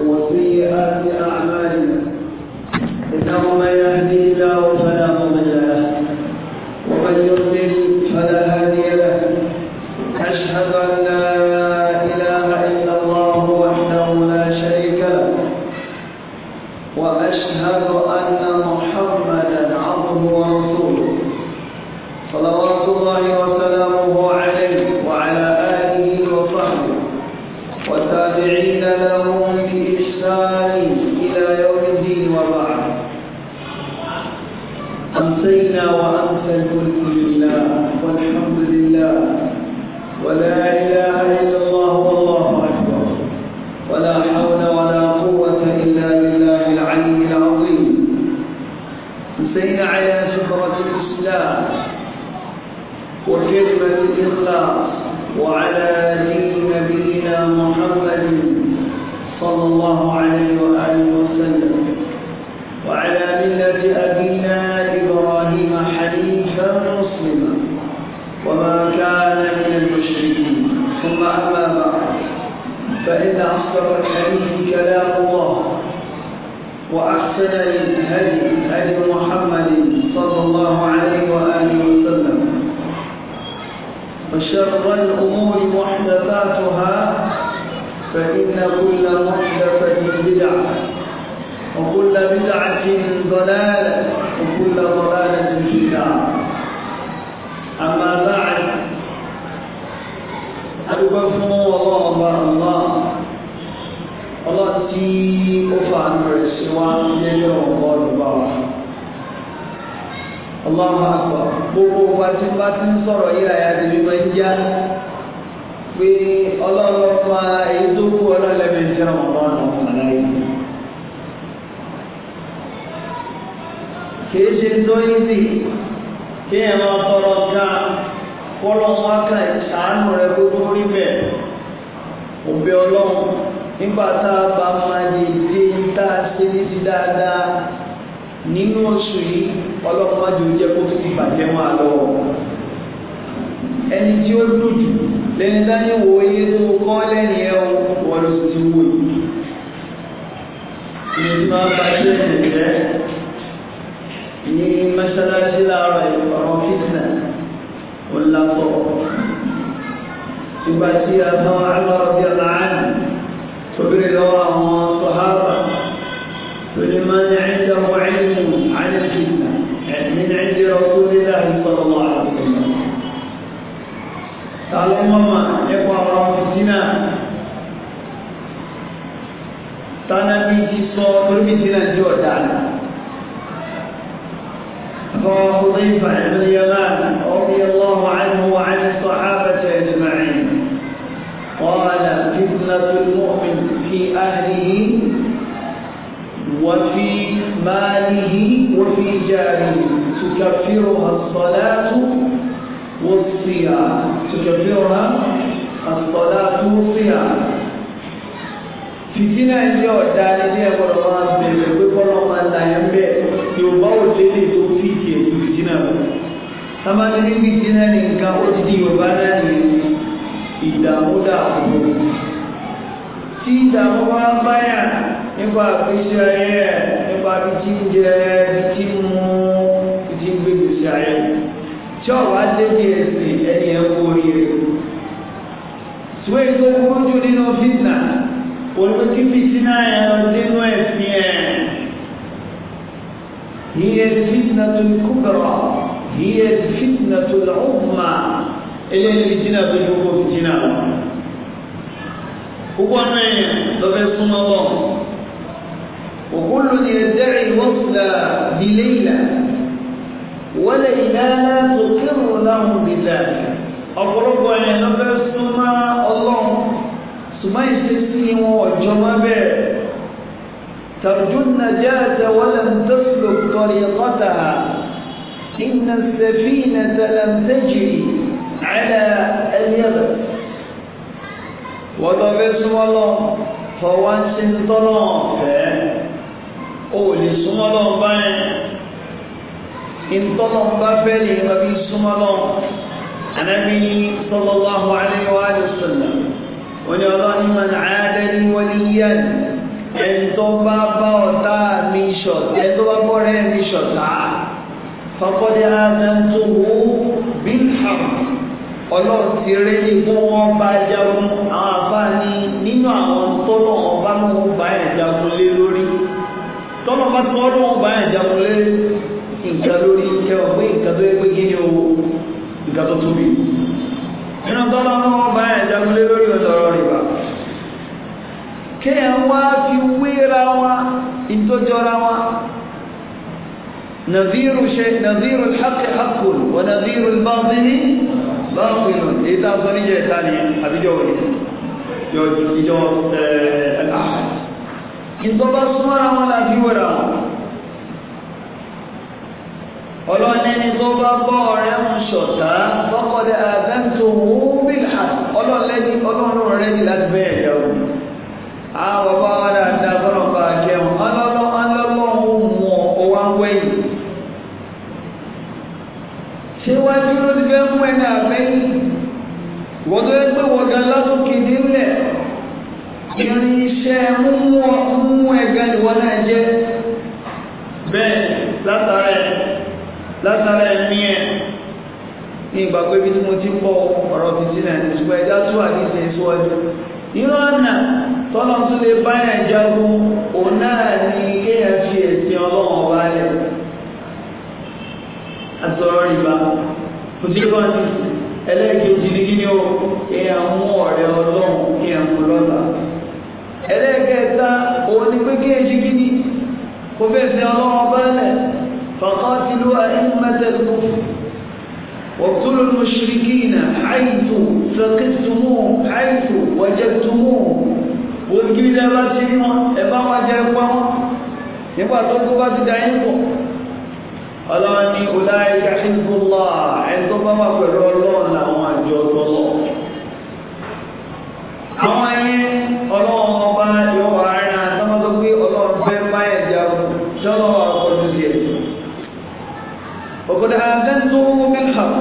وسيئات أعمالنا إنه من يهدي الله bá ti ń sọ̀rọ̀ yìí àyà tèmi máa ń já pé ọlọ́run fa èyí tó kú ọlọ́lẹ́mí ṣe ọmọdún ọ̀nà yìí. kìí ṣe tó ń sì kí ẹ̀ máa tọrọ ká kọ́lọ́mù ákà ìṣàánú rẹ̀ kó tó rí bẹ́ẹ̀ òbí ọlọ́run nígbà tá a bá máa lè dé tá a ṣe ní ti dáadáa nínú oṣù yìí ọlọ́run má jò jẹ́ kó fi bàjẹ́ máa lọ́wọ́. ẹni tí ó dùn jù lẹ́ni dání wo iye tó kọ́ lẹ́ni ẹ̀ wọ́n lọ sí ti wò yìí. ìyẹn tí won bá ṣe ń jẹ́ ní mọ́ṣáláṣí láàárọ̀ ìfọ̀rọ̀ fitna ó n lápọ̀. ìgbà tí a bá wà lọ́rọ̀ bí ọ̀la àná tó bèrè lọ́wọ́ ìtọ́ba súnmọ́ra wọn la fi wẹ̀rẹ̀ wọn. ọlọ́ọ̀nẹ́ni tó bá bọ́ ọ̀rẹ́ ń ṣọ̀tá fọ́kọ̀dé àgbẹ̀ntò wúbìlà ọlọ́ọ̀lẹ́ni ọlọ́run rẹ̀ ní láti bẹ́ẹ̀ yẹ o. àwọn bàbá wa dáadáa bọ́lọ̀ bá a kẹ́hùn ọlọ́lọ́ ọlọ́lọ́run mú ọ wá wẹ̀yìn. ṣé wá ní ti fẹ́ mú ẹni àbẹ́yìn? wọ́n tó yẹ pé wọ́n kẹ́ni wọ́n náà jẹ́ bẹ́ẹ̀ látara ẹ̀ látara ẹ̀mí ẹ̀ ní ìgbàgbé bí mo ti pọ̀ ọ̀rọ̀ mi sí náà ní ṣùgbọ́n ẹ̀dá tó wà ní ìsìn nínú ọ̀nà tọ́lọ́ tún lè báyà jagun òun náà ní kéèyàn fi ẹ̀sìn ọlọ́run ọba rẹ̀ àtọ̀rọ̀ ìbá kò sí lọ́wọ́ ní ẹlẹ́ẹ̀kejì ní kíni o ẹlẹ́ẹ̀kẹta òun ni pé kéèjì gidi kò fẹ́ sin ọlọ́wọ́ bẹ́ẹ̀lẹ̀ fàkọ́tìlú àìmọ́tẹ́lú وقتلوا المشركين حيث فقدتموه حيث وجدتموه ògiri dábàá ti mọ ẹ̀bá wa jẹ pa wọn nígbà tó kó bá ti dáyé pọ̀ ọlọ́run ní ọláyíká ìgbòlá ẹni bá wà pẹ̀lú ọlọ́run làwọn àjọ tọ́lọ̀ àwọn ẹyẹ ọlọ́run jọlọ ọkọdún sí ẹ òkúta àtẹnudó mílíọ̀n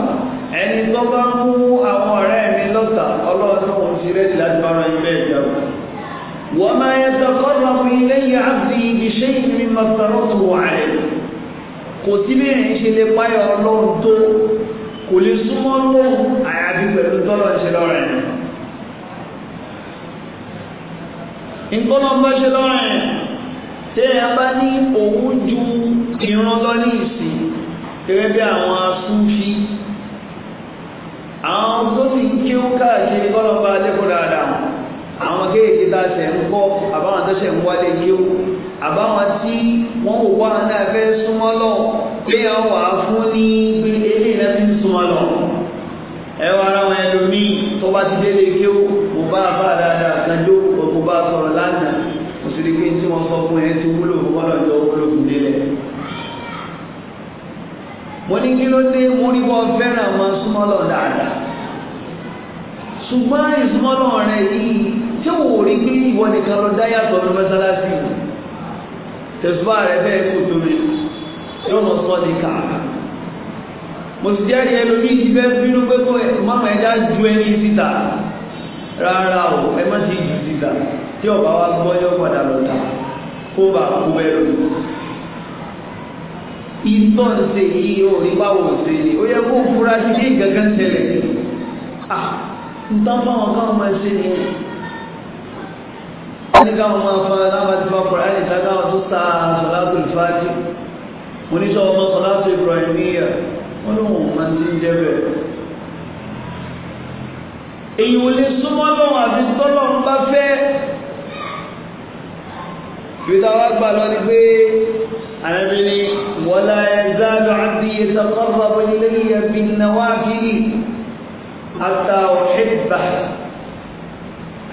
ẹni tó bá mú àwọn ọ̀rẹ́ mi lọ́tà ọlọ́ọ̀tún òun ti rẹ́dì láti bá wọn ilé ìjà wọn. wọ́n máa yẹ tọkọ́lọ́ fún ilé yìí àti ìṣe ìsinmi mọ́tàlọ́tò wàhálẹ̀ kò sí bí ẹ̀yìn ṣe lè páyọ̀ ọlọ́run tó kò lè súnmọ́ lóhùn àyàfi téèyàn bá ní òun ju ìran lọ ní ìsìn gẹ́gẹ́ bí àwọn asúnfí àwọn tó ti kí ó káàkiri kọ́lọ́ba lẹ́kọ̀ọ́ dáadáa àwọn kéèké tá a ṣẹ̀ ń kọ́ àbáwọn tó ṣẹ̀ ń wálé kí ó àbáwọn tí wọ́n wò wá náà fẹ́ súnmọ́ lọ téèyàn wà fún ní bí eléyìí náà ti ń súnmọ́ lọ ẹ wá ara wọn ẹlòmíì tó bá ti délé kí ó kò bá a bá dáadáa kan jó kò bá a sọ̀rọ̀ lánàá wọ́n sọ fún ẹ ti wúlò fún wọn lọ́jọ́ wúlò fún délẹ̀. mo ní kí ló dé mo ní bọ́ fẹ́ràn wọn súnmọ́ lọ dáadáa ṣùgbọ́n ìsúnmọ́ lọ rẹ yìí tí wò rí pé ìwọ nìkan lọ dá yàtọ̀ ní mọ́sálásí tẹ̀sùbá rẹ bẹ́ẹ̀ kò tóbi yóò mọ̀ sọ́ ní kàkà mo ti jẹ́rìí ẹlòmíì ti bẹ́ẹ̀ bínú pé kó mọ́mọ́ ẹja ju ẹni síta rárá o ẹ má ti jù síta tí ọba wa gbọ́ yóò padà lọ kó bá kú bẹ́ẹ̀ lọ. ìtọ́ ṣe yí o rí báwo ṣe ni ó yẹ kó fura sí ní gángan tẹ̀lẹ̀ ntọ́ fáwọn káwọn máa ṣe ni ní káwọn máa fa alábàtí fa kura ẹni tá káwọn tó ta sọláàtò ìfáàtì oníṣẹ́ ọmọ sọláàtò ìbrahimiyya wọn ló wọn máa ti ń jẹ bẹ́ẹ̀. èyí ò lè súnmọ́ lọ́wọ́ àti tọ́lọ́ ń bá fẹ́ ìwé tá a wá gbà lọ ni pé àrẹ́bí ni wọlá ẹ̀dá lọ àbí ẹ̀sà kọ́fà pẹ̀lú ilé ẹ̀bí náwá kiri àtà òṣèlbà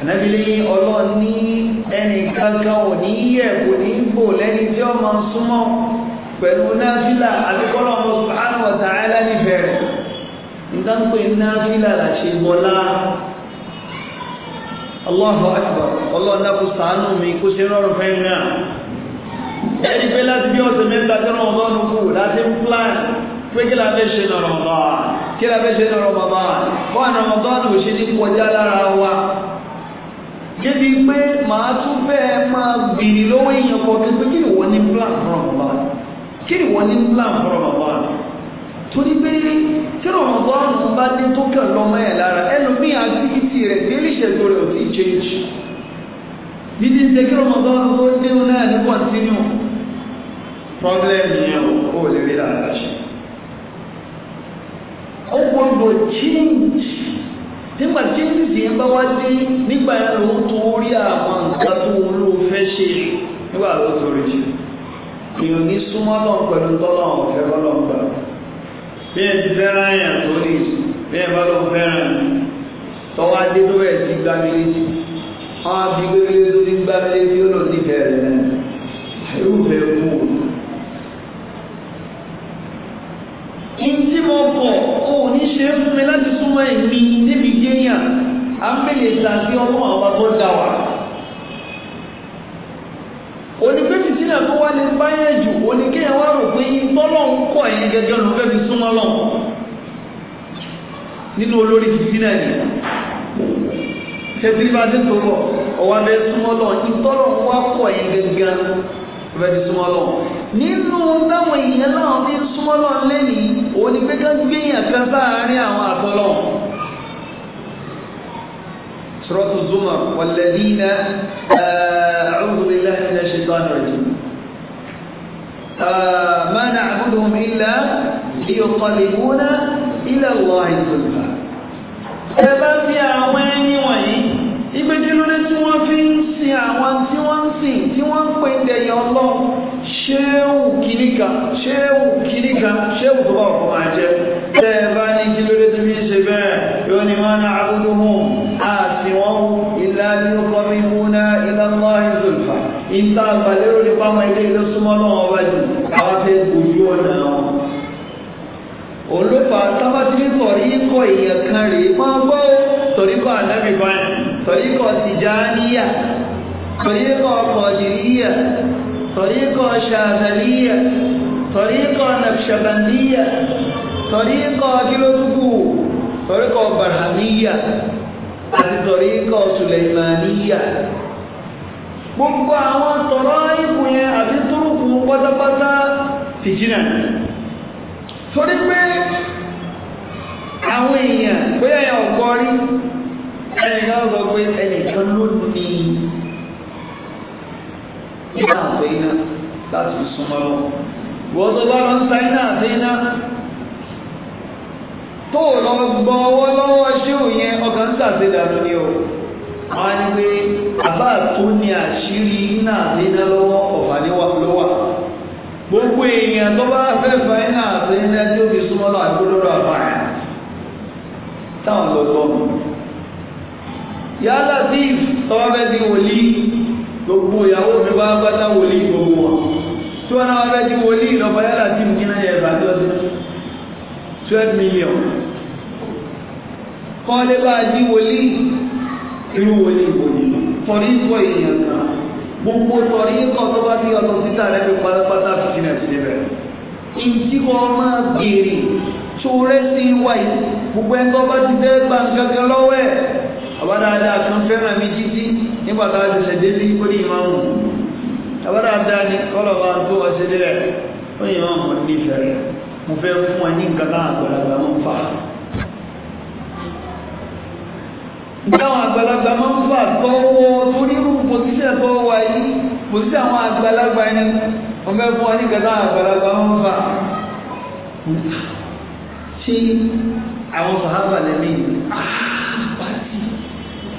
àrẹ́bí ni ọlọ́run ní ẹnì kankan ò ní yẹ kò ní bò lẹ́ni tí ó máa súnmọ́ pẹ̀lú náfìlà àbíkọ́lọ́ ọmọ subhanahu wa ta'ala nífẹ̀ẹ́ pé náfìlà làṣẹ bọ́lá. Allahu Akbar ọlọ́run dákú sàánú mi kó ṣe rọrùn fẹ́ náà ẹni pé láti bí ọ̀sẹ̀ mẹ́ta tí wọ́n bá nù kú láti ń plan pé kí la fẹ́ ṣe lọ́rọ̀ bá kí la fẹ́ ṣe lọ́rọ̀ bàbá wọn àná ọ̀gá ọ̀nà òṣè ní kọjá lára wa débi pé màá tún fẹ́ máa gbìyànjú lọ́wọ́ èèyàn kọ̀ọ̀kan pé kí ni wọ́n ní plan fún ọ̀bá kí ni wọ́n ní plan fún ọ̀bá torí pé tí rọmọdọ́nù bá dé tó kàn lọ́mọ ẹ̀ lára ẹlòmíì àtìkìtì rẹ̀ délé ìṣẹ̀tò rẹ̀ ò tí ì change bí ti ń ṣe kí rọmọdọ́nù tó dénú náà ní continue problem yẹn ò lè rí lára ṣe ó gbọ́dọ̀ change nígbà tí ìdíyẹn bá wá dé nígbà yẹn ló ń torí àwọn nǹkan tó olóò fẹ́ ṣe nígbà ló torí ṣe èèyàn súnmọ́ náà pẹ̀lú tọ́lọ́ àwọn ọ̀fẹ́ lọ́lọ́ bí ẹ ti fẹ́ràn àyàn tó ní bí ẹ bá lọ fẹ́ràn mi tọ́wọ́ adé tó bẹ̀rẹ̀ sí gbámi létí wọ́n á fi gbégbé tó ti gbámi létí ó lọ nífẹ̀ẹ́ rẹ̀ náà àìrúfẹ́ kú. Ìdí mo bọ̀ ó ní ṣe é fún mi láti súnmọ́ èmi níbi yéèyàn á mẹ́lẹ̀ tàbí ọmọ àwọn tó dá wa onígbèsì tí náà tó wá lè báyẹn jù oníkéyàn wá rò pé tọ́lọ̀ ń kọ̀ ẹ̀yìn gẹ́gẹ́ ló fẹ́ fi súnmọ́ lọ nínú olórí títí náà ni tẹ́tí bá ti tó bọ̀ ọwọ́ abẹ́ súnmọ́ lọ ìtọ́lọ̀ wá kọ̀ ẹ̀yìn gẹ́gẹ́ ló fẹ́ fi súnmọ́ lọ nínú táwọn èèyàn náà fi ń súnmọ́ lọ lẹ́nìí onígbèsì gbéyàn kan sáàárín àwọn àtọ́lọ̀ sọ́rọ́tù zuma wàlẹ́dínà ẹ̀ الشيطان الرجيم ما نعبدهم إلا ليقربونا إلى الله زلفى ẹ̀bá fi àwọn ẹni wọ̀nyí ìgbẹ́jọ́lódé tí fi ń sin àwọn tí wọ́n ń sìn tí wọ́n ṣéwù kìníkà ṣéwù kìníkà ṣéwù tó bá ọkọ̀ máa jẹ. ẹ̀bá ní kí lóde tí fi ń ṣe bẹ́ẹ̀ yóò ní máa ń ìta àgbàlérò nípa ọmọ ilé ìlú súnmọ́ náà wọ́n wá jù àwọn fẹ́ gbòjú ọ̀nà wọn. olùfà tábàtìrí sọ̀rí ikọ̀ èèyàn kan rèé máa gbọ́ sọ̀ríkọ̀ ànábì báyìí sọ̀ríkọ̀ tìjáníyà sọ̀ríkọ̀ kọ̀dìríyà sọ̀ríkọ̀ ṣàzàlíyà sọ̀ríkọ̀ nàkṣàbàndíyà sọ̀ríkọ̀ kílódùkù sọ̀ríkọ̀ bàrhàmíyà àti sọ̀ríkọ̀ sùlẹ̀màníyà gbogbo àwọn tọ̀rọ̀ ikú yẹn àti túrùkù pátápátá fìjìnà torí pé àwọn èèyàn bóyá ẹ̀ ọ̀gọ́ rí ẹnìkan sọ pé ẹnìkan ló ní ìgbà àgbẹ̀ iná láti súnmọ́ lọ wọ́n tó bá lọ ń ta iná àti iná tó lọ gbọ́ ọwọ́ lọ́wọ́ ṣé òun yẹn ọkàn ń tàṣe dànù ni wọ́n á ní àbá tó ní àṣírí iná àtẹ́ná lọ́wọ́ ọ̀fà gbogbo èèyàn tó bá fẹ́ fa iná àtẹ́ná tí ó fi súnmọ́ lọ àgbélọ́rọ̀ àbáyà táwọn lọ gbọ́ mi. yálà tí gbogbo ìyàwó mi gbogbo wọn tí wọ́n náà fẹ́ yálà tí kíná yẹ twelve million kọ́lé bá irú wo ni ìbò yìí torí ìbò èèyàn kan gbogbo torí ìkọ̀ tó bá bí ọ̀tọ̀ títà rẹ̀ fi pátápátá fi jìnà sí ibẹ̀ ìdíwọ́ máa gbèrè tó rẹ̀ sí ìwà yìí gbogbo ẹni tó bá ti fẹ́ gbà nǹkan lọ́wọ́ ẹ̀ àbádáadáa kan fẹ́ràn mi títí nígbà tá a ti ṣẹ̀dé sí ó ní ìmáàmù àbádáadáa ni kọ́lọ̀ bá tó wá ṣe délẹ̀ ó ní ìmáàmù nífẹ̀ẹ́ mo fẹ́ fún ẹ ní nǹkan báwọn àgbàlagbà máa ń fà tọ́wọ́ torí irú pòsíṣẹ̀ tó wà yìí pòsíṣẹ̀ àwọn àgbàlagbà ni wọ́n fẹ́ fún wa ní kẹta àgbàlagbà máa ń fà. ṣé àwọn sàhábà lẹ́mí àpáàtì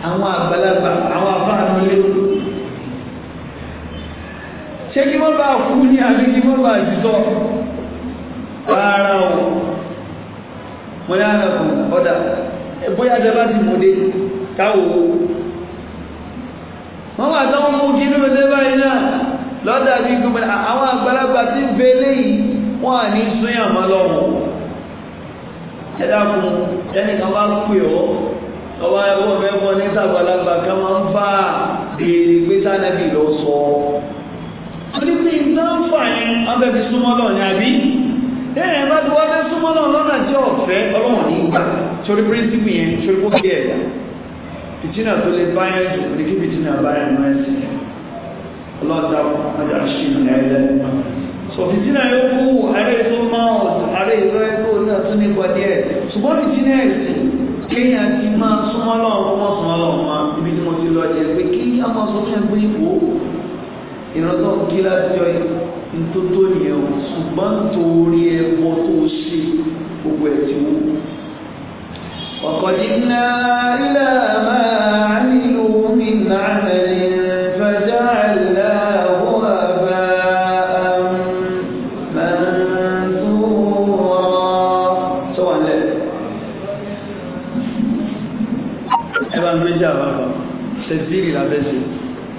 ah, àwọn àgbàlagbà àwọn àfáànù lé ṣé kí wọ́n bá kú ní àbí kí wọ́n bá jùtọ̀ rárá o mo yára kù ọ̀dà bóyá jọba ti mú dé. kawo wọ́n wà tán mú kí ní mẹ́tẹ́ báyìí náà lọ́dà bí gómìnà àwọn àgbàlagbà tí ń belé yìí wọ́n à ní súnyà mọ́ lọ́wọ́ ẹ dákun ẹnìkan bá pè ọ́ ọba ẹ̀kọ́ mẹ́fọ́ ní sàgbàlagbà kan máa ń fà béèrè pé sànẹ́bì lọ sọ torí pé iná yẹn wọ́n fẹ́ fi súnmọ́ lọ fìtínà tó lè báyẹn tó ní kí fìtínà báyẹn máa ń sìn ọlọ́dà ọjà ṣì ń lẹ́ lẹ́nu sọ fìtínà yóò kú ààrẹ tó máa ààrẹ ìlọ ẹgbẹ́ òun náà tún nípa díẹ̀ ṣùgbọ́n fìtínà ẹ̀sìn kéèyàn ti máa súnmọ́ lọ́wọ́ mọ́ súnmọ́ lọ́wọ́ mọ́ ibi tí mo ti lọ jẹ pé kí á máa sọ fún ẹgbẹ́ ìwò ìrántọ́ kí láti ọ nìyẹn o ṣùgbọ́n torí ẹ̀kọ́ tó ṣe gbogbo ẹ̀ ti wú. وقدمنا إلى ما عملوا من عمل فجعلناه أباء منثورا سواء لك أبا من جاء تدبير الأبسل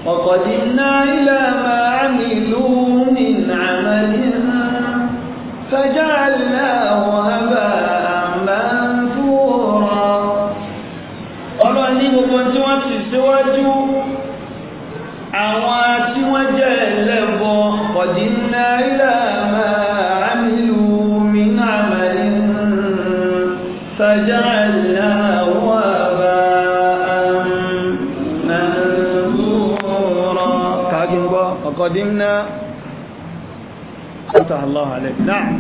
وقدمنا إلى ما síwájú àwọn tí wọ́n jẹ́ ẹlẹ́bọ ọ̀dínlá ilẹ̀ máa àmìlú mi náà mẹ́rin fẹ́jẹ́ قدمنا فتح الله عليك نعم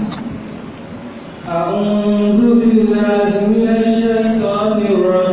أعوذ بالله من الشيطان الرجيم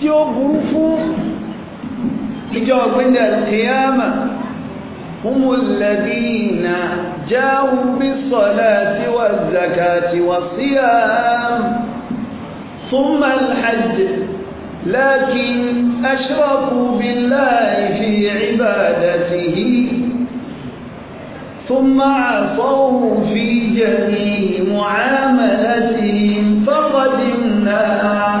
tí ó burú fún kìyàmà هم الذين جاءوا بالصلاة والزكاة والصيام ثم الحج لكن أشركوا بالله في عبادته ثم عصوه في جميع معاملتهم النار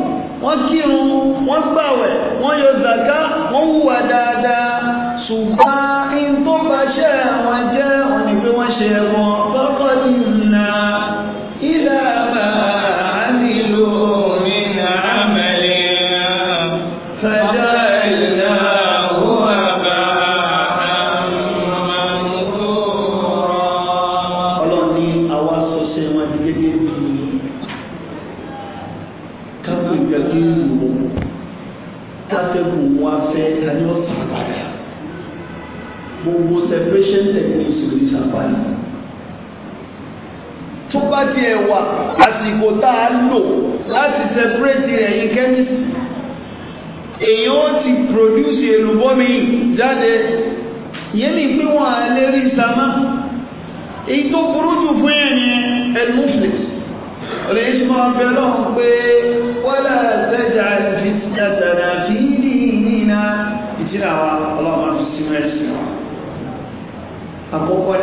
wọ́n kírun wọ́n gbàwẹ̀ wọ́n yọ zàká wọ́n hùwà dáadáa ṣùgbọ́n in tó bá ṣẹ́ àwọn jẹ́ separate rẹ̀ yìí chemist èyí ó ti produce èlùbọ́mi jáde yẹ́nì pé wọ́n á lè rí sàmá èyí tó burú jù fún ẹ̀yìn ẹ̀lmúflẹ̀ ọ̀rẹ́ yìí máa bẹ lọ́hùn pé wọ́lá tẹ́jà ìfìsìtàtàrà fi ní ìnìyàn ìtìrà wa ọlọ́run àti sínú ẹ̀sìn wa àkọ́kọ́ a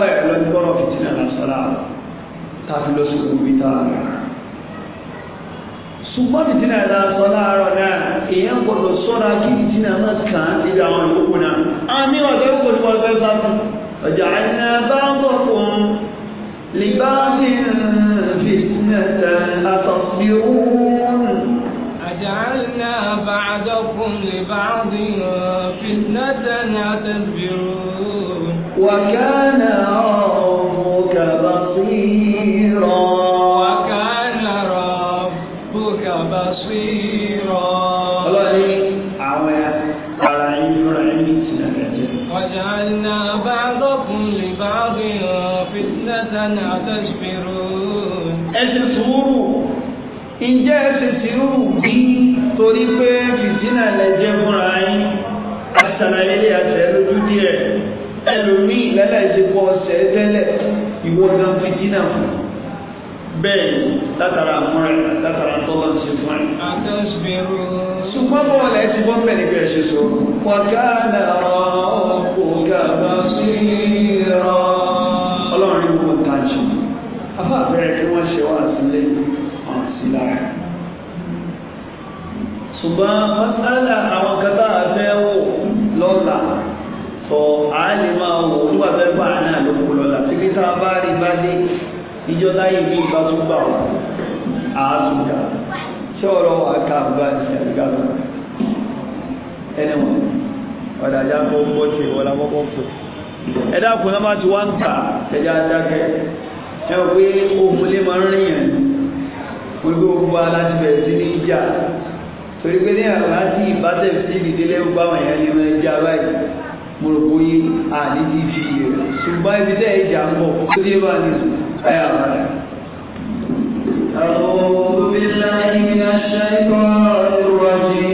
bẹ̀rẹ̀ lọ́gbọ́rọ̀ fìtìrà náà sọ́ra tàbí lọ́sọ̀rọ̀ ibi tá ṣùgbọ́n ìdínà ìlàsọ láàárọ̀ náà èèyàn gbọdọ̀ sọ́ra kí ìdínà má kàn án níbi àwọn ìyókù náà àmì ọ̀dọ́ ìwò ni wọ́n fẹ́ bá fún ọjà iná bá ń bọ̀ fún libáàbí fìtínẹ̀tà àtọ̀bíhún àjàlá bàdọ́kùn libáàbí fìtínẹ̀tà àtọ̀bíhún wàkánà من فتنة أتصبرون ẹsẹ̀ sùúrù ǹjẹ́ ẹsẹ̀ sùúrù bí torí pé fìtínà lẹ́jẹ́ fúnra yín àṣàlàyé àṣẹ lójú díẹ̀ ẹlòmíì lẹ́lẹ́sẹ̀pọ̀ ọ̀sẹ̀ tẹ́lẹ̀ ìwọ gan fìtínà fún bẹ́ẹ̀ látara àmúra látara tọ́lá ń ṣe fún ẹ. àtọ́sibẹ̀rù. ṣùgbọ́n bọ́ọ̀lù ẹ ti bọ́ bẹ̀rẹ̀ bí ẹ ṣe sọ. wàkàlà ọ̀pọ̀ gàmà sí i rọ̀ afá bẹ̀rẹ̀ kí wọ́n ṣe wá sílé wọn sí lára ṣùgbọ́n mọ́sálà àwọn kata àfẹ́ wò lọ́la tọ́ àálì máa wò nígbà fẹ́ bá àná àlòkù lọ́la tí kí tá bá rí bá dé ìjọ láyé bí ìgbà tó gbà wọ́n àátúkà ṣé ọ̀rọ̀ àká àbúgbà ìṣẹ̀lẹ̀gà lọ ẹni wọn ọ̀dà ajá kó bọ́ ṣe ìwọ́lá kọ́kọ́ fò ẹ̀dá kùnà máa ti wá ń ta ẹ̀dá adákẹ́ ẹ wọ pé ohun lè máa ń rìn yàn gbogbo gbogbo aláti bẹ̀rẹ̀ sí ní ìjà torí pé ní àláti ìbátẹ̀ sí ìdílé gbogbo àwọn èèyàn ní wọn ẹja báyìí mo rò pé àní ti fi yẹ ṣùgbọ́n ibi tẹ́ ìjà ń bọ̀ ó dé bá ní ẹ̀ àwọn ẹ̀. أعوذ بالله من الشيطان الرجيم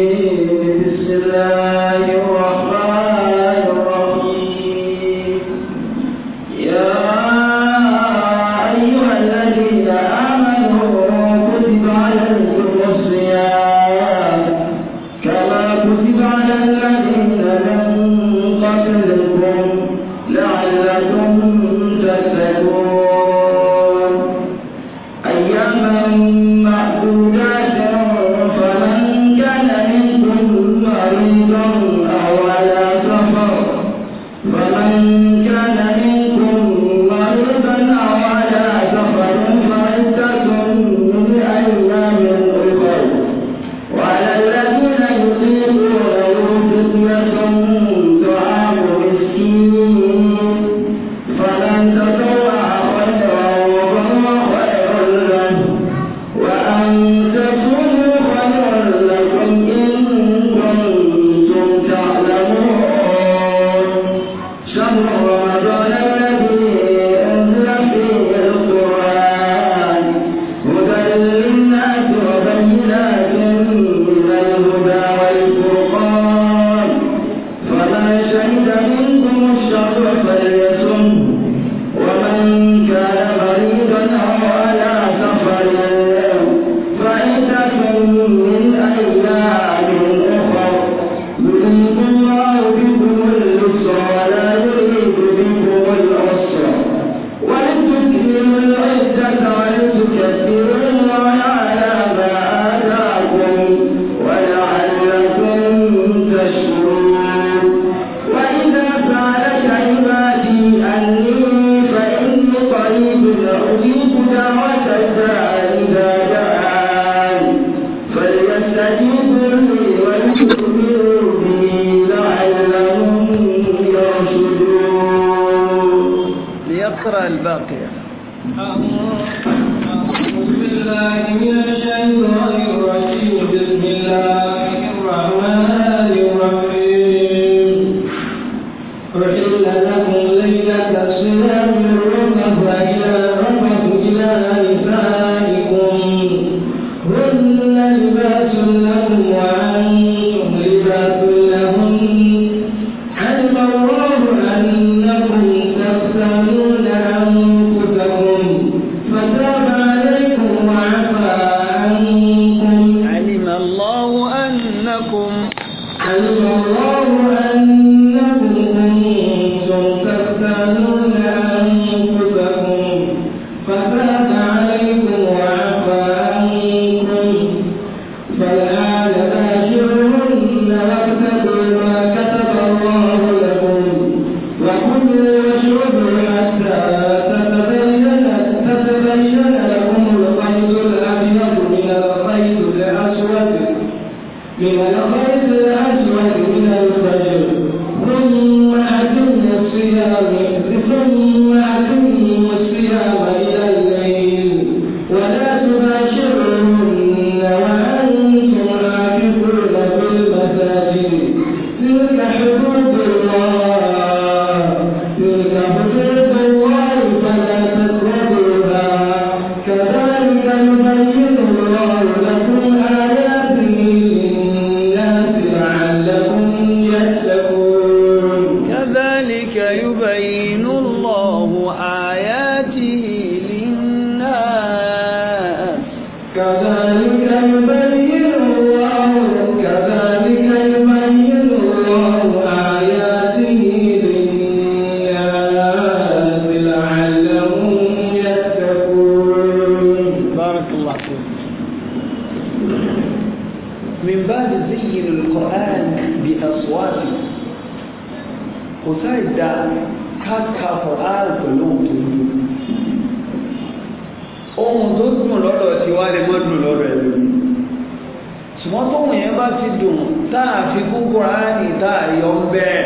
fi dùn táà fi gúngùn áàdì táà yọ ń bẹ́ẹ̀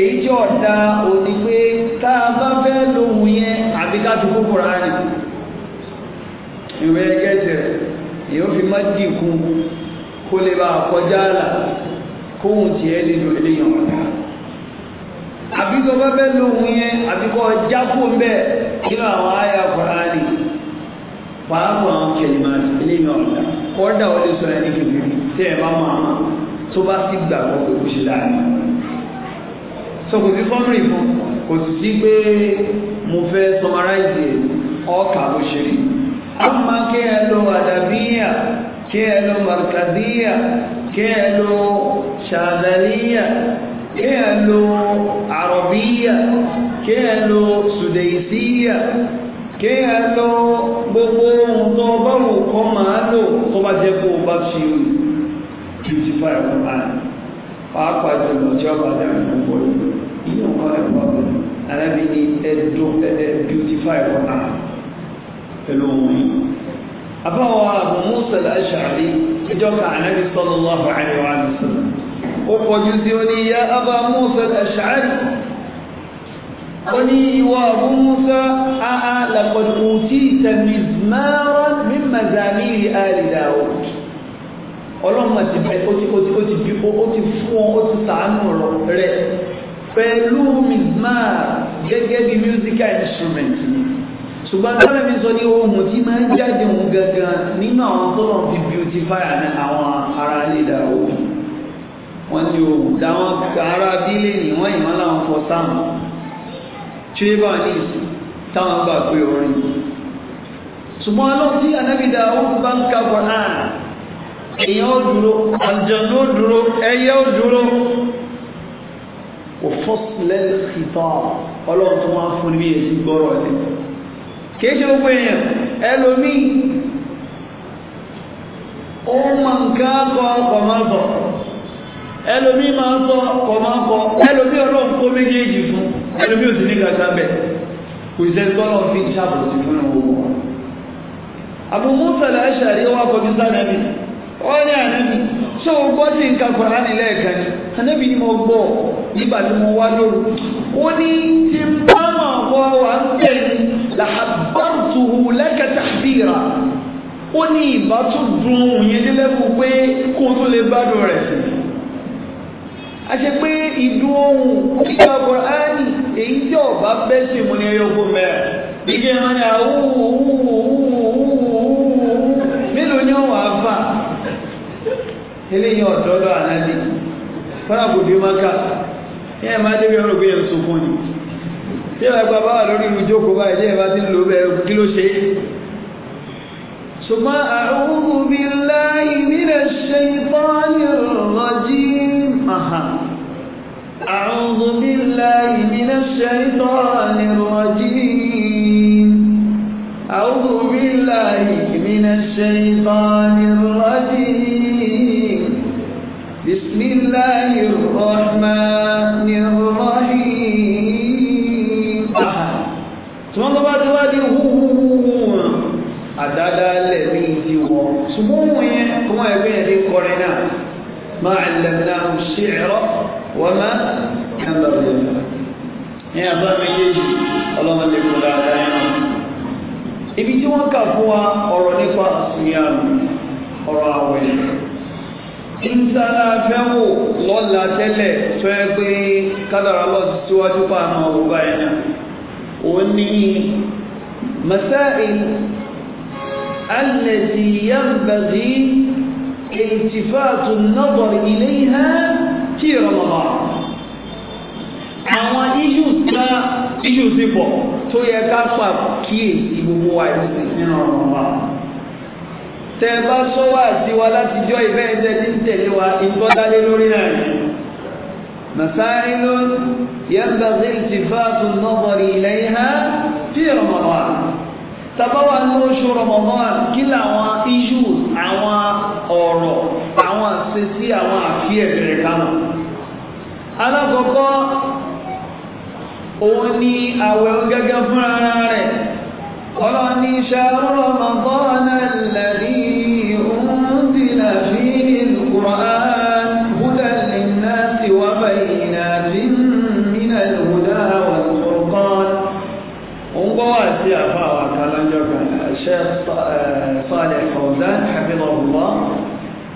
èyí tí ọ̀dà òní pé tá a bá fẹ́ lòun yẹn àbí ká fi gúngùn áàdì ìwé ẹgẹ́ tẹ̀ yóò fi má dìkú kó lè bá kọjá àlà kóhun tiẹ̀ lè lò léyìn ọ̀dà àbí tó bá fẹ́ lòun yẹn àbí kọ́ jákò ń bẹ́ẹ̀ nínú àwọn àyà Kùránì pàápàá kẹlìmọ̀ léyìn ọ̀dà kọ́dà ó lè sọ ẹni kìbìrì tẹ́ ẹ bá máa mọ̀ tó bá sì gbàgbọ́ pé kò ṣe láàrin so kò sí fọ́nrì fún kò sì sí pé mo fẹ́ summarize ọkà bó ṣe rí àmọ́ kí ẹ lo àdàbíyà kí ẹ lo markazíyà kí ẹ lo ṣàdàríyà kí ẹ lo àrọ̀bíyà kí ẹ lo sùdẹ̀ìsíyà kí ẹ lo gbogbo ohun tó bá wù kọ́ máa lò tó bá jẹ́ kó o bá ṣe rí ìtumọ̀ ẹ̀kọ́ máa ní pàápàá jùlọ tí ọba dàrú púpọ̀ yìí yíyan kọ́ ẹ̀kọ́ mi alábi ní ẹ̀dùn ẹ̀ beautify ẹ̀kọ́ náà pẹ̀lú òun yìí. àbáwọ̀ Abu Musa al ẹjọ́ ka Ànábì sallallahu alaihi wa sallam ó kọjú sí ó ní ya Aba Musa al ó ní ìwọ Abu Musa àá laqad utita mizmaran ọlọ́mọ ti bẹ ó ti ó ti ó ti bí ó ti fún ọ ó ti sàánú rẹ pẹ̀lú mizmar gẹ́gẹ́ bí musical instrument ni ṣùgbọ́n tábà mi sọ ní ohun tí máa ń jáde òun gangan nínú àwọn tó lọ́n fi beautify àwọn ará ilé ìdàrú wọn ni ohun táwọn ará abílẹ̀ ni wọ́n yìí wọ́n láwọn fọ sáàmù tí ó bá ní táwọn gbà pé orin ṣùgbọ́n ọlọ́run tí ànábì Dáúdù bá ń ka Kùránì èèyàn ó dúró àjọ̀nú ó dúró ẹyẹ ó dúró kò fọ́sílẹ̀ ìtàn ọlọ́run tó máa ń fún ní èsì gbọ́rọ̀ ẹ̀ kìí ṣe gbogbo èèyàn ẹlòmíì ó máa ń ká kọ́ ọkọ̀ máa ń bọ̀ ẹlòmíì máa ń sọ ọkọ̀ máa ń kọ ẹlòmíì ọlọ́run kó méjèèjì fún ẹlòmíì ò sì ní kàtà bẹ́ẹ̀ kò sẹ́ni tọ́lọ́ fi ṣàbòsí fún ọmọ wọn. àbùmọ́sàlẹ̀ ẹ̀ṣàrí wà kọjú sáré mi wọ́n ní ànábì ṣé o gbọ́ sí nǹkan Kùránì lẹ́ẹ̀kan ni ànábì ni mo gbọ́ nígbà tí mo wá lóru ó ní tí n bá máa wọ wà ń bẹ̀ ni làbàtúhù lẹ́kẹ̀tà bíra ó ní ìbá tó dùn pé kó tó lè gbádùn rẹ̀ sí i pé ìdú ohun kíkà kọ́ránì èyí tí ọba bẹ́sì mú ní ẹyọ fún mẹ́rin. Ìgbìmọ̀ ni àwùwùwùwùwù eléyìí ọ̀dọ́dọ́ ànábì fọ́nà kò dé máka ní ẹ̀ máa débi ọ̀rọ̀ gbéyàwó sọ̀kún ni tí ìwà ìgbà bá wà lórí ìlú jókòó báyìí tí ìwà ti ń lò bẹ́ẹ̀ kí ló ṣe é. ṣùgbọ́n a'udhu billahi minash shaytanir rajim a'udhu billahi minash shaytanir rajim a'udhu billahi minash shaytanir rajim. qadirun àdádálẹ̀ ní ìdí wọn ṣùgbọ́n wọn yẹn kí wọ́n ẹgbẹ́ yẹn ní kọrin náà ma allamnahu shi'ra wa ma yanbaghi ní àbá méjèèjì ọlọ́mọ lè kó dáadáa yẹn ibi tí wọ́n kà fún wa ọ̀rọ̀ nípa ìyàmù ọ̀rọ̀ àwẹ̀ ìtara fẹ́wò lọ́la tẹ́lẹ̀ tó ẹ pé kádàrá lọ síwájú pa àmọ́ òwúrọ̀ yẹn náà òun ní مسائل التي ينبغي التفات النظر إليها في رمضان àwọn issues kan issues ipò tó yẹ ká ṣàkíyèsí gbogbo wa nínú ọ̀rọ̀ wa tẹ bá sọ́wọ́ àti wa láti jọ ìfẹ́ ẹ̀jẹ̀ tí ń tẹ̀lé wa ìtọ́dálé lórí náà مسائل ينبغي التفات النظر إليها في رمضان tabawa ní oṣù Ramadan kí làwọn iṣu àwọn ọ̀rọ̀ àwọn àṣetí àwọn àfi ẹ̀bẹ̀rẹ̀ kánà alákọ̀ọ́kọ́ òun ni àwẹ̀ gẹ́gẹ́ fúnra rẹ̀ ọlọ́ni ṣàrú Ramadan alladhi unzila fihi al-Qur'an Sheikh صالح فوزان hafidhahullah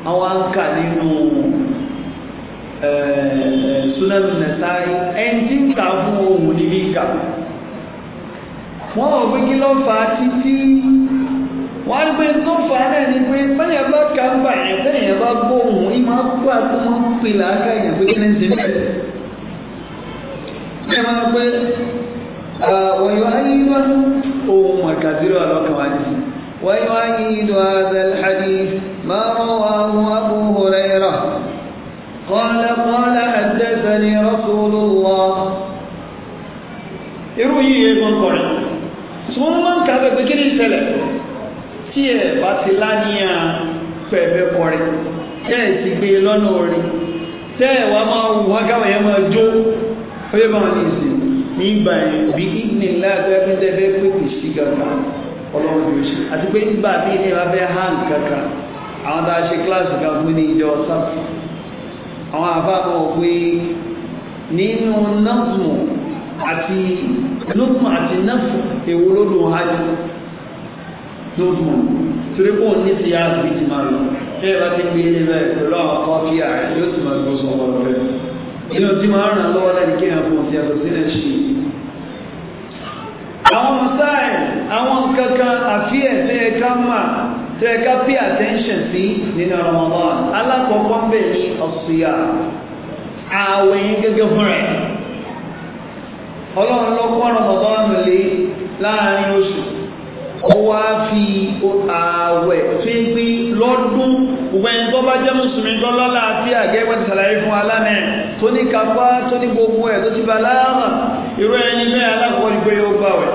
الله àǹkà nínú eh, Sunan Nasa'i ẹni tí ń kà fún ohun níbi ìkà wọ́n ò gbé kí ló fà á títí wọ́n á gbé tó fà á náà ni pé báyà bá kà ń bà ẹ̀ bẹ́ẹ̀ bá gbóhùn ìmọ̀ àpò àpò máa ń pè láàkà ìyàn kí ni ń ṣe àbírò ọlọ́kan wa ni. wọ́n yóò wáyé ìlú azal hadith máa rán wa mú Abu Hurairah. qala qala haddathani rasulullah. irú yìí yé gbọ́n kọrin. sùgbọ́n wọn máa ń kàwé pé kí ni ìṣẹ̀lẹ̀ tí ẹ̀ bá ti láníyàn pẹ̀lú kọrin tẹ́ ẹ̀ ti gbé lọ́nà orin tẹ́ ẹ̀ wá máa wù wá káwọn yẹn máa jó ó yẹ bá wọn ní ìsìn nígbà yẹn bí ní láti ẹgbẹ́ tẹ́ fẹ́ pé kì í sí kankan ọlọ́run yóò ṣe àti pé nígbà bí ní wọ́n fẹ́ hàn kankan àwọn tá a ṣe kíláàsì kan fún ní ìjọ sáfù àwọn àfáàmọ́ pé nínú náfù àti lókùn àti náfù èwo ló lò hajj lókùn torí pé òun ní ti yá àti ti máa lọ ẹ bá ti gbé ilé bẹ́ẹ̀ pẹ̀lú àwọn kọ́kí ààrẹ yóò ti máa gbó sọ ọmọ rẹ inú tí máa ń ràn lọ́wọ́ láti kí ẹ̀yàn fún ọ̀sẹ̀ àtọ̀sí náà ṣe. àwọn mọ̀sáì àwọn kankan àfíẹ̀ tẹ́ ẹ ká mà tẹ́ ẹ ká pay attention sí nínú Ramadan alákọ̀ọ́kọ́ ń bẹ̀ ní ọ̀sùyà ààwẹ̀ yín gẹ́gẹ́ fún rẹ̀ ọlọ́run lọ́kọ́ Ramadan lé láàrin oṣù ọwọ́ á fi ààwẹ̀ fínfín lọ́dún òwe tó bá jẹ́ mùsùlùmí lọ́lọ́lá àti àgẹ́gbẹ́ ti ṣàlàyé fún alámẹ́ tó ní kápá tó ní gbogbo ẹ̀ tó ti bá láàmà irú ẹni bẹ́ẹ̀ alákọ̀ọ́ ìgbé yóò wẹ̀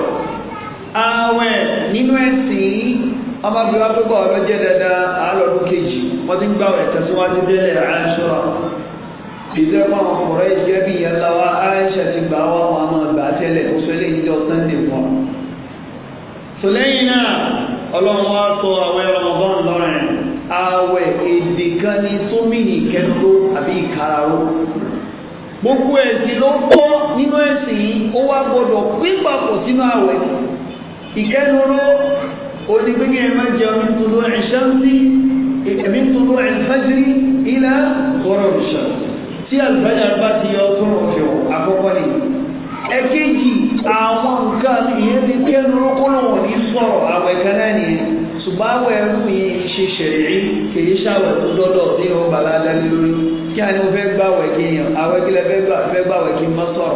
ààwẹ̀ nínú ẹ̀sìn wa pípọ̀ ọ̀rọ̀ jẹ́ dandan àálọ́dún kejì wọ́n ti ń gbà wẹ̀ tẹ̀síwájú délẹ̀ ìdílé ìjẹ́bí tó lẹ́yìn náà ọlọ́run wá sọ àwẹ̀ Ramadan lọ́rẹ̀ àwẹ̀ èdè kan ní tómìnì kẹ́ńtó àbí ìkararó gbogbo ẹ̀sìn ló kọ́ nínú ẹ̀sìn yìí ó wá gbọdọ̀ pípapọ̀ sínú àwẹ̀ ìkẹnuró onígbẹ́ni ẹ̀ máa jẹun nítorí ẹ̀ṣẹ́ǹsì ẹ̀mí nítorí ẹ̀fẹ́jìrì ilẹ̀ tọrọ ìṣẹ́ tí àlùfáàjà bá ti yọ tọrọ ìṣẹ́ àkọ́kọ́ nìyí ẹ̀kejì àwọn nǹkan ìyẹn ti pé nurukúlù wọn ní sọ̀rọ̀ àwẹ̀ kan náà nìyẹn ṣùgbọ́n àwẹ̀ ẹ̀rù yìí ṣe ṣẹ̀rí kìí ṣàwẹ̀ tó dọ́dọ̀ ní ìhun bàlá lórí kí a ní mo fẹ́ gbà wẹ̀ kí yàn àwẹ̀ kí fẹ́ gbà wẹ̀ kí n sọ̀rọ̀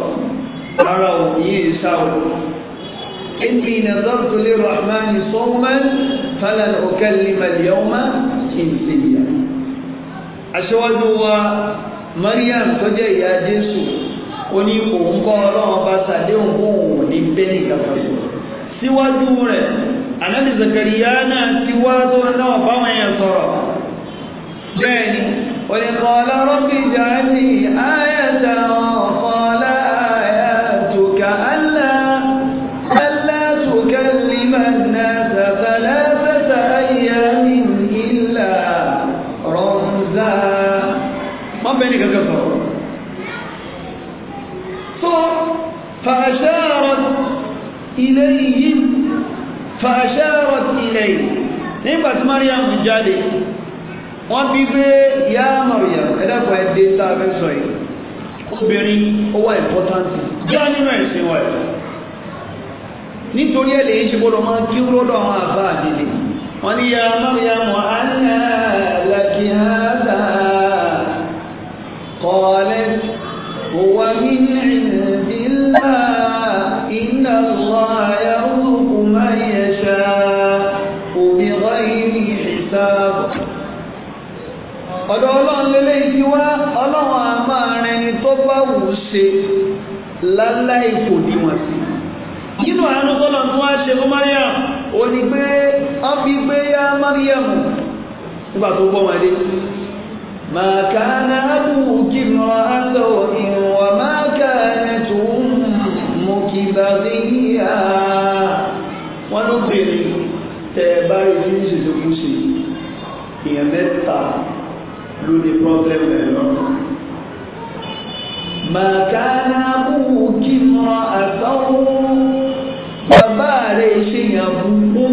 ara ò yìí ṣàwẹ̀. إني نذرت للرحمن صوما فلن أكلم اليوم إنسيا أشهد مريم تجي يا ó ní òun kọ́ ọlọ́run bá sàdéhùn òun ní bẹ́ẹ̀ni kankan sọ síwájú rẹ̀ ànábì Zakariya náà ti wá tó náà báwọn èèyàn sọ̀rọ̀ bẹ́ẹ̀ ni òní kọ́ ọlọ́run bíi nígbà tí Mariam jáde wọ́n bí pé ìyá Mariam ẹ̀dàkùn ẹ̀dẹ́ tá a fẹ́ sọ yìí obìnrin ó wà ìmpọ́tántì jẹ́ nínú ẹ̀sìn wa ẹ̀ nítorí ẹ̀lẹ́ yìí ṣe gbọ́dọ̀ máa kí lọ́dọ̀ àwọn àbá àdìdì wọ́n ní ya Mariam anna laki hadha qalat huwa min indillah inna Allah ọ̀dọ̀ ọlọ́run lélẹ́ yìí wá ọlọ́run a máa rẹ ni tó bá wù ú ṣe láláì kò níwọ̀n sí. nínú àánú tọ́lọ̀ tó wá ṣe fún mariam ò ní pé wọ́n fi gbé yá mariam nígbà tó gbọ́ wọn dé. ما كان أبوك امرأة وما كانت أمك بغيا ونبري تبارك في سيدك ìyẹn mẹ́ta lórí pọ́blẹ́mù ẹ̀ lọ́nà. màkàrà àbúrò kí mọ àtọ́wọ́ bàbá rẹ̀ ṣèyàn gbogbo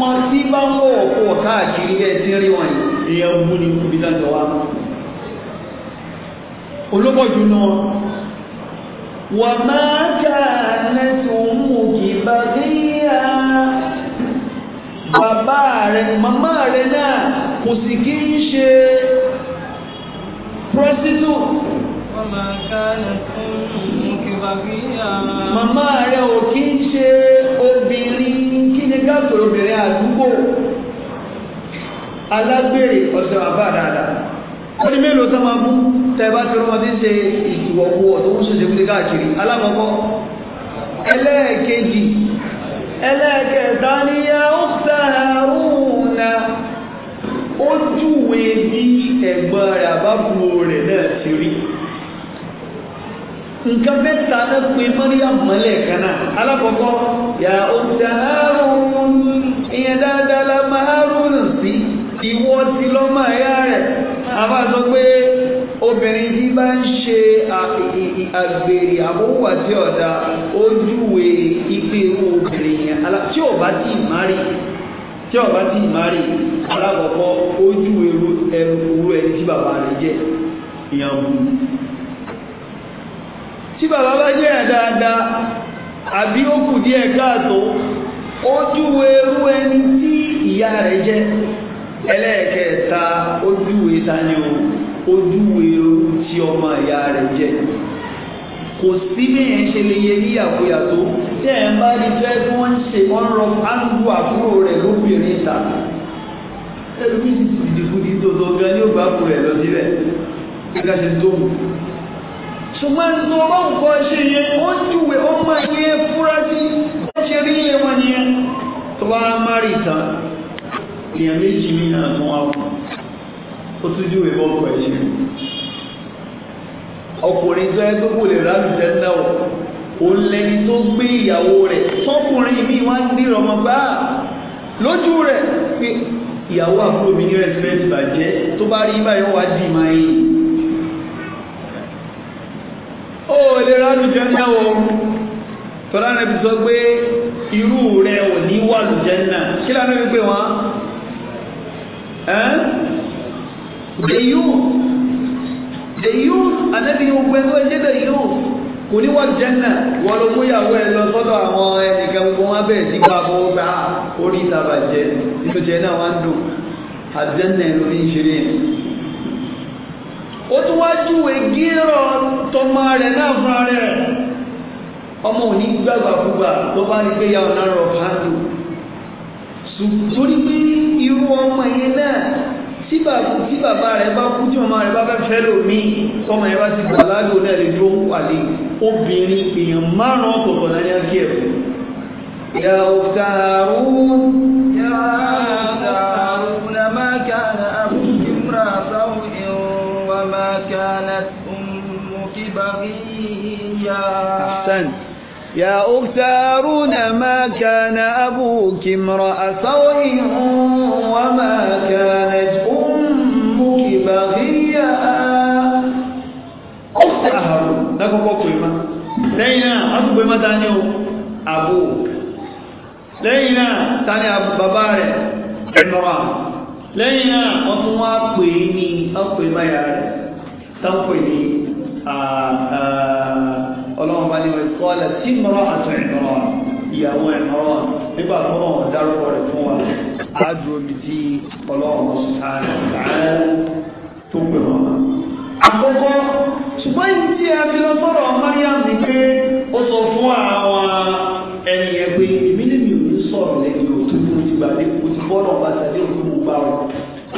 wọn tí bá wọ̀ ọ̀pọ̀ káàkiri ẹ̀ ti rí wọn yìí èèyàn mú ni kúbi lájọ wa. olóbọ̀jú náà wà máa kà lẹ́sùn mú kí bàdíyà bàbá rẹ̀ màmá rẹ̀ náà kò sì kí ń ṣe prostitute. wọ́n máa ká ẹ̀sùn kìbàbíyà. màmá rẹ̀ ò kí ń ṣe obìnrin kí ni ká sọ̀rọ̀ obìnrin àdúgbò alágbèrè ọ̀sẹ̀ bàbá dáadáa. ó ní mélòó tó máa bú tẹ́ bá ti rọ́mọdé ṣe ìwọ̀kú ọ̀tọ̀ ń ṣèṣe kúndé káàkiri alákọ̀ọ́kọ́ ẹlẹ́ẹ̀kejì ẹlẹ́ẹ̀kẹta ni yẹ ó fẹ́ hàrúnà. ó júwe bí ẹ̀gbọ́n rẹ̀ àbábùrò rẹ̀ náà ti rí nǹkan mẹ́ta Mariam mọ́lẹ̀ kan náà alákọ̀ọ́kọ́ yà ó da àrùn ìyẹn dáadáa la máa sí ìwọ ti lọ́mọ ẹ̀yà rẹ̀ a máa sọ pé obìnrin tí bá ń ṣe àgbèrè àbúwà tí ọ̀dà ó ipe owó obìnrin yẹn tí ò bá alákọ̀ọ́kọ́ ojú eru ẹrù ẹni tí bàbá rẹ̀ jẹ́ ìyàn bú tí bàbá bá jẹ́ dáadáa àbí ó kù díẹ̀ káàtó ojú eru ẹni tí ìyá rẹ̀ jẹ́ ẹlẹ́ẹ̀kẹta ojú ìtani o ojú eru tí ọmọ ìyá rẹ̀ jẹ́ kò sí bẹ́ẹ̀ ṣe lè yẹ níyàkóyà tó tẹ́ ẹ̀ ń bá rí fẹ́ tí wọ́n ń ṣe ọ̀rọ̀ àdúgbò àbúrò rẹ̀ lóbìnrin ìta ẹlòmíì ti ti dìde fún títò tó gan ní ògbà kù rẹ̀ lọ síbẹ̀ nígbà ṣe tó wù. ṣùgbọ́n tó bá ń kọ́ ṣe yẹn ó ń júwe ó máa ní ẹ fúra sí wọ́n ṣe rí yẹn wọn nìyẹn. tó bá má rí ìtàn èèyàn méjì mí náà tún wá kù ó tún júwe bọ́ọ̀kù ẹ̀ ṣe. ọkùnrin tó ẹ tó kò lè rà lùtẹ́ náà òun lẹni tó gbé ìyàwó rẹ̀ tọkùnrin mi wá ń dìrọ̀ mọ́ bá lójú rẹ̀ ìyàwó àbúrò mi ní rẹ́sìmẹ́ntì bàjẹ́ tó bá rí báyọ̀ wá dì máa yìí ó lè ránú jẹ́nà o tọ́lá náà fi sọ pé irú rẹ ò ní wà lù jẹ́nà kí lánàá fi pè wọ́n dèyún dèyún ànábi ní gbogbo ẹgbẹ́ jẹ́ dèyún kò ní wọ́n jẹ́nà wọ́n ló mú ìyàwó ẹ lọ sọ́dọ̀ àwọn ẹnìkan gbogbo wọn bẹ̀rẹ̀ sí gba àbọ̀ ọgbà ah, orí ìtàbà jẹ nítorí jẹ náà wọ́n ń dùn àjẹ́nà ẹ̀ lórí ìṣeré yẹn. ó tún wá júwe gírọ̀ tọmọ rẹ̀ náà fúnra rẹ̀ ọmọ òní gbàgbàkúgbà tó bá ní pé ya ọ̀nà rọ̀ hàn lò torí pé irú ọmọ yẹn náà tí bàbá rẹ̀ bá kú tí ọmọ rẹ̀ bá fẹ́ fẹ́ lómi tọmọ yẹn bá ti gbàládùn náà lè dúró wà lé obìnrin èèyàn márùn-ún ọ̀tọ̀ọ̀tọ̀ náà ní akí ẹ̀kọ́. يا أخت هارون يا أخت هارون ما كان أبوك امرأ سوء وما كانت أمك بغيا أحسنت يا أخت هارون ما كان أبوك امرأ سوء وما كانت أمك bàgíyà àhàrù lákòókò pè má lẹ́yìn náà a tún pè má ta ni o àbò lẹ́yìn náà ta ni bàbá rẹ̀ ẹ̀nọ́ra lẹ́yìn náà wọ́n tún wá pè é ní ọ̀pẹ̀ máyà rẹ̀ tán pè ní ọlọ́run bá ní wọ́n kọ́ wa ya ṣùgbọ́n yìí tí a fi lọ sọ́rọ̀ mariam ni pé ó sọ fún àwọn ẹni ẹgbẹ́ èmi ní mi ò ní sọ̀rọ̀ lẹ́yìn o tó ní o ti gbà dé o ti bọ́ọ̀lù ọba tàbí o tó mú bá ọ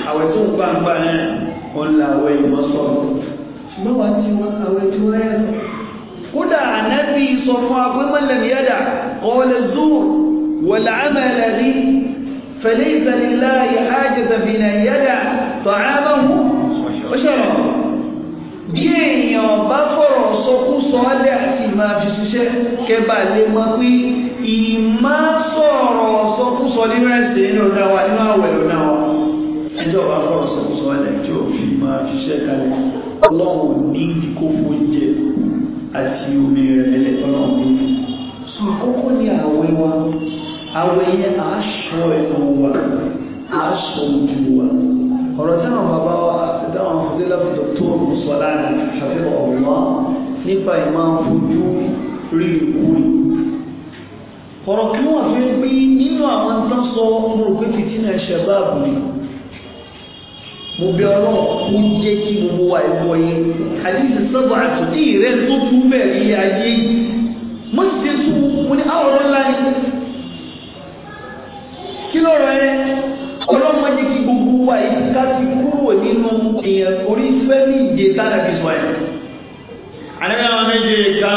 àwẹ̀ tó ń gbà ń gbà yẹn wọn là àwẹ̀ ìmọ̀ sọ̀rọ̀ ṣùgbọ́n wàá ti wọn àwẹ̀ tó rẹ̀ kódà ànábì sọ fún agbẹ́mọ̀lẹ̀ yẹ́dà ọ̀lẹ̀ zúù wàlàámẹ̀lẹ̀ rí فليس لله حاجة في أن يدع طعامه وشرابه bí èèyàn bá fọ̀rọ̀ sọkúsọ alẹ́ àti máa fi ṣiṣẹ́ kẹba lè mọ̀ pé ìmá sọ̀rọ̀ sọkúsọ ní rẹ̀sẹ̀ nínú ọ̀dá wa nínú àwẹ̀ ọ̀dá wa ẹjọ́ bá fọ̀rọ̀ sọkúsọ alẹ́ tí ò fi máa fi ṣiṣẹ́ kalẹ̀ ọlọ́run ní kíkó oúnjẹ àti omi rẹ̀ lẹ́lẹ̀ ọlọ́run ní sọ àkọ́kọ́ ní àwẹ̀ wa àwẹ̀ yẹn àṣọ ẹ̀nà wa àṣọ ojú wa ọ̀rọ̀ táwọn bàbá wa táwọn fúdélà dr musolani ṣàfihàn ọ̀wọ́ nípa ìmọ̀ fojú rí ikú yìí ọ̀rọ̀ kí wọ́n fi gbé nínú àwọn tó ń sọ ọmọ òpin títí náà ṣe báàbù ni mo bí ọlọ́run kó jẹ́ kí gbogbo wa ẹ̀kọ́ yẹn àdìsí sábà àtúntì rẹ̀ tó tú bẹ́ẹ̀ ní ayé mo ti ṣe tú mo ní àwòrán ńlá kí lọ́rọ̀ yẹn ọlọ́mọ jẹ́ kí gbogbo wa yìí ká ti kúrò nínú èèyàn orí fẹ́mi ìdè tára fi sọ ẹ̀. àdébẹ́ àwọn méje ìka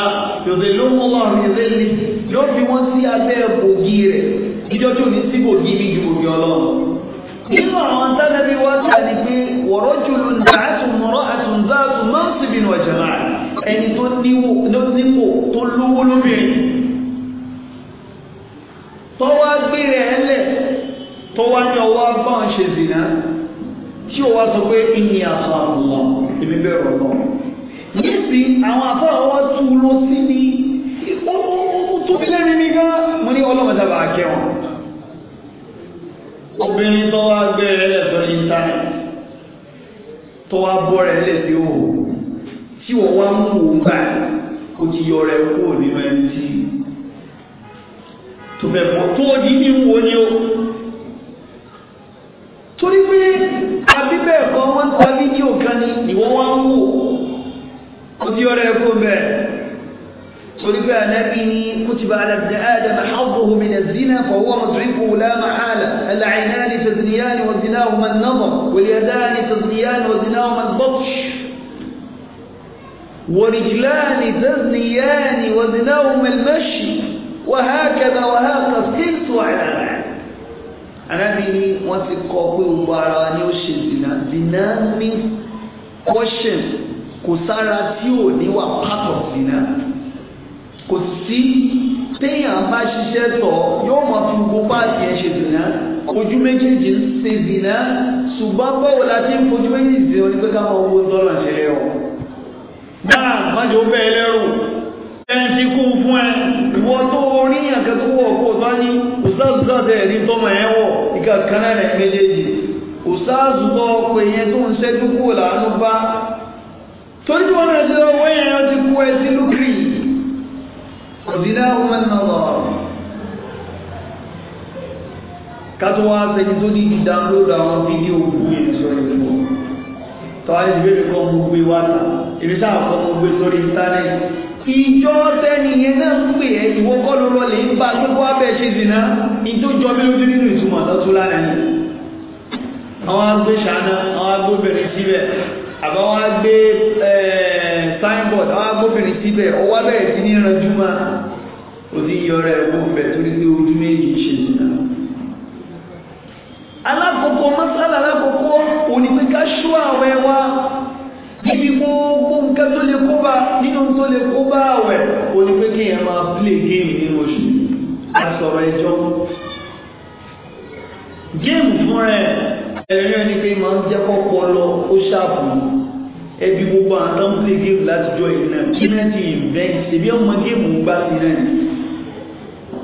yòtò ló mú lọ rí rẹ́lì yóò fi wọ́n sí abẹ́ bògì rẹ̀ ìjọ tí ò ní sí bògì mi ju bògì ọlọ́run. nínú àwọn sábẹ́bí wa kà ní pé wọ̀rọ̀ jùlọ dàásù mọ̀rọ̀ àtúndáàtù máa ń síbi nù ọ̀jẹ̀ náà ẹni tó níwò tó lówó lóbìnrin tọ́wọ́ gbé rẹ̀ ẹlẹ́ tó wá ní ọwọ́ bá ń ṣe zìnà tí ó wá sọ pé ìní àfa àmọ́ èmi bẹ̀rù ọ̀nà níbi àwọn àfa àwọn tú ló sí ní ó tóbi lẹ́nu mi gan mo ní ọlọ́mọdé bá kẹwọn obìnrin tó wá gbé ẹlẹ́ sórí íńtánẹ́ẹ̀tì tó wá bọ́ rẹ̀ lẹ́sí òwò tí wọ́n wá mú òun báyìí kó ti yọ rẹ̀ kúrò nínú ẹni tí tó fẹ́ mọ́ tó di ní wo ni ó. torí pé àbí bẹ́ẹ̀ kọ́ wọ́n ta fídíò kan ní ìwọ́n wá ń wò ó di ọ̀rẹ́ kó bẹ́ẹ̀ torí pé ànábì ní kútìbà alàbìnrin ádámà hàbùhù mi nà zina fọwọ́ mọ̀tòrífò lámà hàlà alàìná ni tàzíníyà ni wọ́n zina ọmọ nàmọ̀ wòlíyàdá ni tàzíníyà ni wọ́n zina ọmọ bọ́tù ورجلان تزنيان وزناهما المشي وهكذا وهكذا سلسلة arábìnrin ni wọ́n ti kọ́ pé gbogbo ara wa ni ó ṣe zina zina ní question kò sára tí ò ní wà pàtó zina kò sí téèyàn bá ṣiṣẹ́ tọ̀ yóò mọ̀ fi gbogbo báàgì ẹ̀ ṣe zina ojú méjèèjì ń ṣe zina ṣùgbọ́n báwo la ti ń fojú méjèèjì zina onígbẹ́ká máa wo dọ́là ṣẹlẹ̀ ọ̀ náà má jẹ́ bẹ́ẹ̀ lẹ́rù ẹn ti kú fún ẹ ìwọ tó orí ẹ̀kẹ́ tó wọ̀ kó tó ní òsáàzù sáàtẹ̀ ẹ̀rí tọ́mọ̀ ẹ̀ wọ̀ ìkà kanáà rẹ̀ méjèèjì òsáàzù bọ́ pé yẹn tó ń ṣẹ́jú kú làánú bá torí wọn náà ti lọ wọ́n yẹn ti kú ẹ sí lùkì ọ̀dínà ọmọ náà lọ kátó wá sẹ́ni tó ní ti download àwọn fídíò òkú yẹn sọ̀rọ̀ ìlú tọ́wá ìdíbẹ̀rẹ̀ kọ́ mo gbé wá ta ìrísà àkọ́ mo gbé sórí íńtánẹ́ẹ̀tì ìjọ tẹ́ni yẹn náà ń pè ẹ́ ìwọ kọ́ ló lọlẹ̀ ń bá gbogbo abẹ́ ṣe zìnà ìtòjọ́ mi lójú nínú ìtumọ̀ lọ́tún lára yìí àwọn agbésàánà àwọn agbóbìnrin síbẹ̀ àbáwọn agbé signboard àwọn agbóbìnrin síbẹ̀ ọwọ́ bẹ̀rẹ̀ sí ní ìrànjú ma ó ti yọ ọ̀rẹ́ ẹ̀wọ́ bẹ̀ torí pé ojú méjì ṣe zìnà alákòókò mọ́sálà alákòókò òní pé ká ṣú àwẹ̀ wa níbi gbogbo nǹkan tó lè kóbá nínú tó lè kóbá àwẹ̀ o ní pé kéèyàn máa plé géèmù nínú oṣù àsọ̀rọ̀ ẹjọ́ géèmù fúnra ẹ̀ ẹ̀rẹ́ ni pé máa ń jẹ́ kọ́kọ́ lọ ó ṣàbù ẹbí gbogbo àwọn tó ń plé géèmù látijọ́ ìrìnà kí náà ti invent ṣèbí ọmọ géèmù gbá sí náà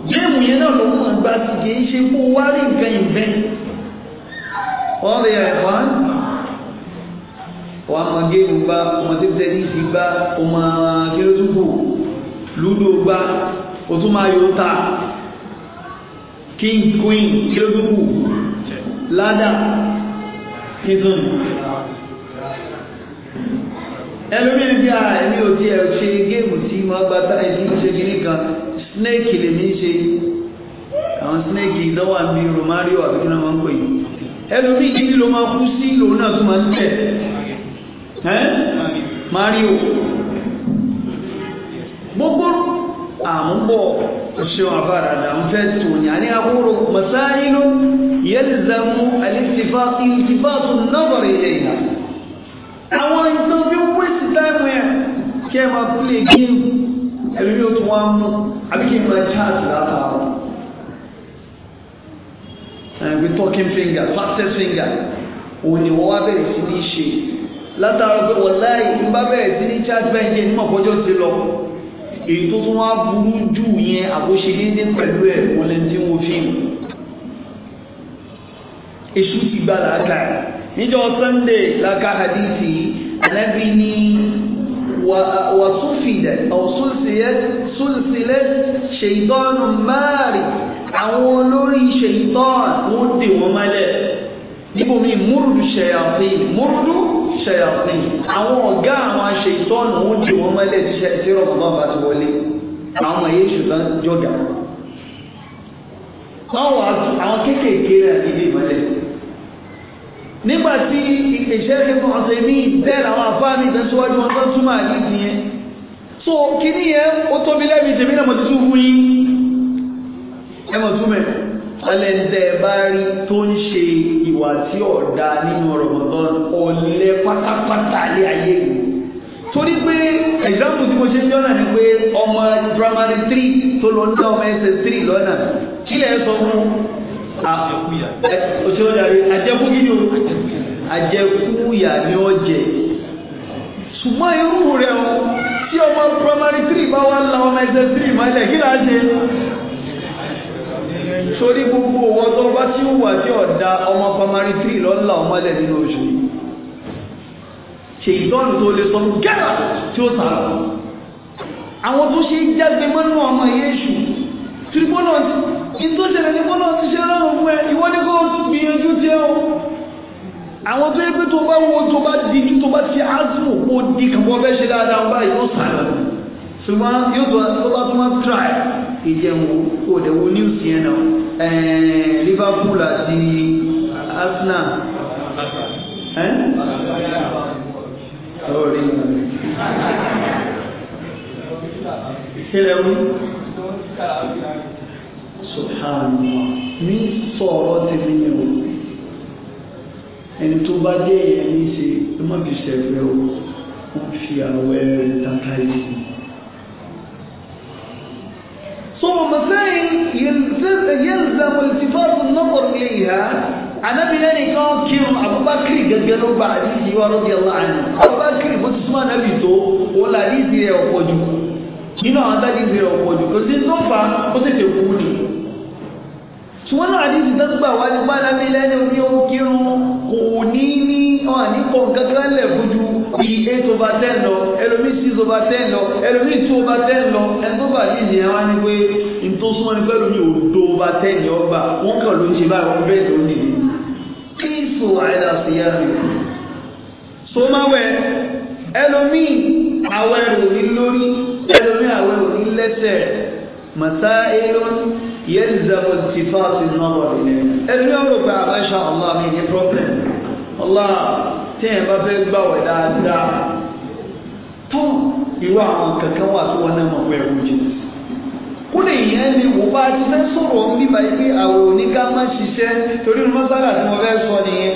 géèmù yẹn náà ló máa gbá sí kì í ṣe kó wá rí nǹkan invent wọ́n lè rẹ̀ wá wọ́n máa géèmù gbá ọmọ tẹ́tẹ́ ní ìfi gbá ọmọ kérésùkù lúdò gbá o tún máa yọ ta king queen kérésùkù ládà kìtùn ẹlòmíì ní bí a ah, ẹni ò tí ẹ ṣe géèmù tí mo gba táyì tí mo ṣe kiri kan snake lèmi ṣe àwọn snake ìdánwò àmì romario àbíkínà máa ń pè é ẹlòmíì níbi ló máa kú sí lòun náà tún máa ń tẹ̀ mario gbogbo àmúbọ̀ òṣèlú àbára náà ń fẹ́ tó ní àní àkúrò masáyínú yẹ́lìzàmú alìsìfáàtì ìsìfáàtù náàbàrà ilẹ̀ ìhà àwọn ìtàn bí wíṣì táìmù ẹ̀ kí ẹ máa plé géèmù ẹ̀rí ló tún wá mú àbí kí n máa chaáàtì látàárọ̀ with talking finger fastest finger òun wọ́n wá bẹ̀rẹ̀ sí ní ṣe látara pé wọláì ń bá bẹ̀rẹ̀ sí ní charge bẹ́ẹ̀ ṣe ní mọ̀kọ́jọ́ ti lọ èyí tó tún wá burú jù yẹn àbóṣe déédéé pẹ̀lú ẹ̀ wọ́n lè tí wọ́n fi hàn èṣù ti gba làákà níjọ sunday làákà hadithi anabi ni wàsúfìdẹ ọ̀sùlùsìlẹ ṣèyítọ́nù máàrì àwọn olórí ṣèyítọ́nù wọ́n dè wọ́n mọ́lẹ̀ níbo mi múrùdù ṣẹyàfín múrùdù ṣẹyàfín àwọn ọ̀gá àwọn aṣẹ ìtọ́nù ó di wọn mọ́lẹ̀ tíṣẹ́ tí rọ̀mọ́dán bá ti wọlé àwọn èyí ṣùgbọ́n jọ̀gà báwọn àwọn kéékèèké rẹ̀ níbi ìmọ̀lẹ̀ nígbà tí ìṣẹ́ ti fún ọ̀sẹ̀ ní bẹ́ẹ̀ làwọn afáàmì ìtẹ̀síwájú wọn tó túmọ̀ àdìsí yẹn so kìíní yẹn ó tóbi lẹ́mìí tèmi náà mo ti tún fún yín ẹ mọ̀ túmẹ̀ ọlẹ́ntẹ́ bá rí tó ń ṣe ìwà tí ọ̀dà nínú Ramadan ọ̀lẹ́ pátápátá lé ayé yìí torí pé ẹ̀dáàmù tí mo ṣe ń jọ́nà ni pé ọmọ primary three tó lọ ní ọmọ ẹsẹ̀ three lọ́nà kí lẹ̀ sọ fún òṣèlérè àjẹkù kí ni o àjẹkù yà ó jẹ ṣùgbọ́n irú rẹ̀ tí ọmọ primary three bá wà ń la ọmọ ẹsẹ̀ three kí lè ṣe sórí gbogbo wọn tó bá tí ó wà tí ọ̀dà ọmọ pamari tírì lọ́la ọmọlẹ̀ nínú oṣù yìí ṣe ìtọ́nù tó lè sọ fún gẹ́gà tí ó sàrà àwọn tó ṣe jágbe mọ́nú ọmọ yéṣù tìrìbọ́nà ìtò ṣẹlẹ̀ ní bọ́nà ti ṣe lọ́rùn fún ẹ ìwọ́n ní kó gbìyànjú tí ó àwọn tó yẹ pé tó bá wo tó bá dijú tó bá ti ázùmù kó di kàbọ́ bẹ́ ṣe dáadáa báyìí ó sàrà ṣùgbọ́n yóò tó bá tún wọ́n try ìjẹun òdẹ̀wò news yẹn náà Liverpool àti Arsenal sorry kílẹ̀ wí subhanallah mi sọ̀rọ̀ tèmi yẹn o ẹni tó bá dé ẹ̀yẹ ní ṣe ẹ má bìí ṣẹ̀fẹ̀ o wọ́n fi àwẹ̀ tàkàlì sí ثم مسائل يلزم, يلزم التفات النظر إليها أنا بناني قال كيرو أبو بكر جدجلو بعد سيوا رضي الله عنه أبو بكر فتسمى نبيتو ولا ليزي يوقوجو nínú àwọn adájú ìbéèrè ọ̀pọ̀ jù kò sí tó fà ṣùgbọ́n náà àdìsí tó gbà wá ní pálábí lẹ́ni omi ohun kírun kò ní ní ọ̀hàn ní kọ̀ọ̀kan kan lẹ̀ fojú bí eight over ten lọ ẹlòmí six over ten lọ ẹlòmí two over ten lọ ẹni tó yẹn wá ní pé n ní pẹ́lú mi ò do over ten ní ọgbà wọ́n kàn ló ń ṣe báyìí wọ́n bẹ́ẹ̀ ló ní. kíìsù àìdásí yá mi. sọmáwẹ ẹlòmí àwẹ̀ rò lórí ẹlòmí àwẹ̀ rò lẹ́sẹ̀ màtá ẹlòmí. يلزم التفات النظر إليه اليوم بعد إن شاء الله من problem الله تيم بفيد باوي دا دا tó ìwà àwọn kankan wà tó wọn náà mọ̀ pé ẹ̀rù jìnnà kó lè yẹn ni wò bá ti fẹ́ sọ̀rọ̀ ń bíbá yìí pé àwọn oníká máa ṣiṣẹ́ torí ní mọ́sálà tí wọ́n fẹ́ sọ nìyẹn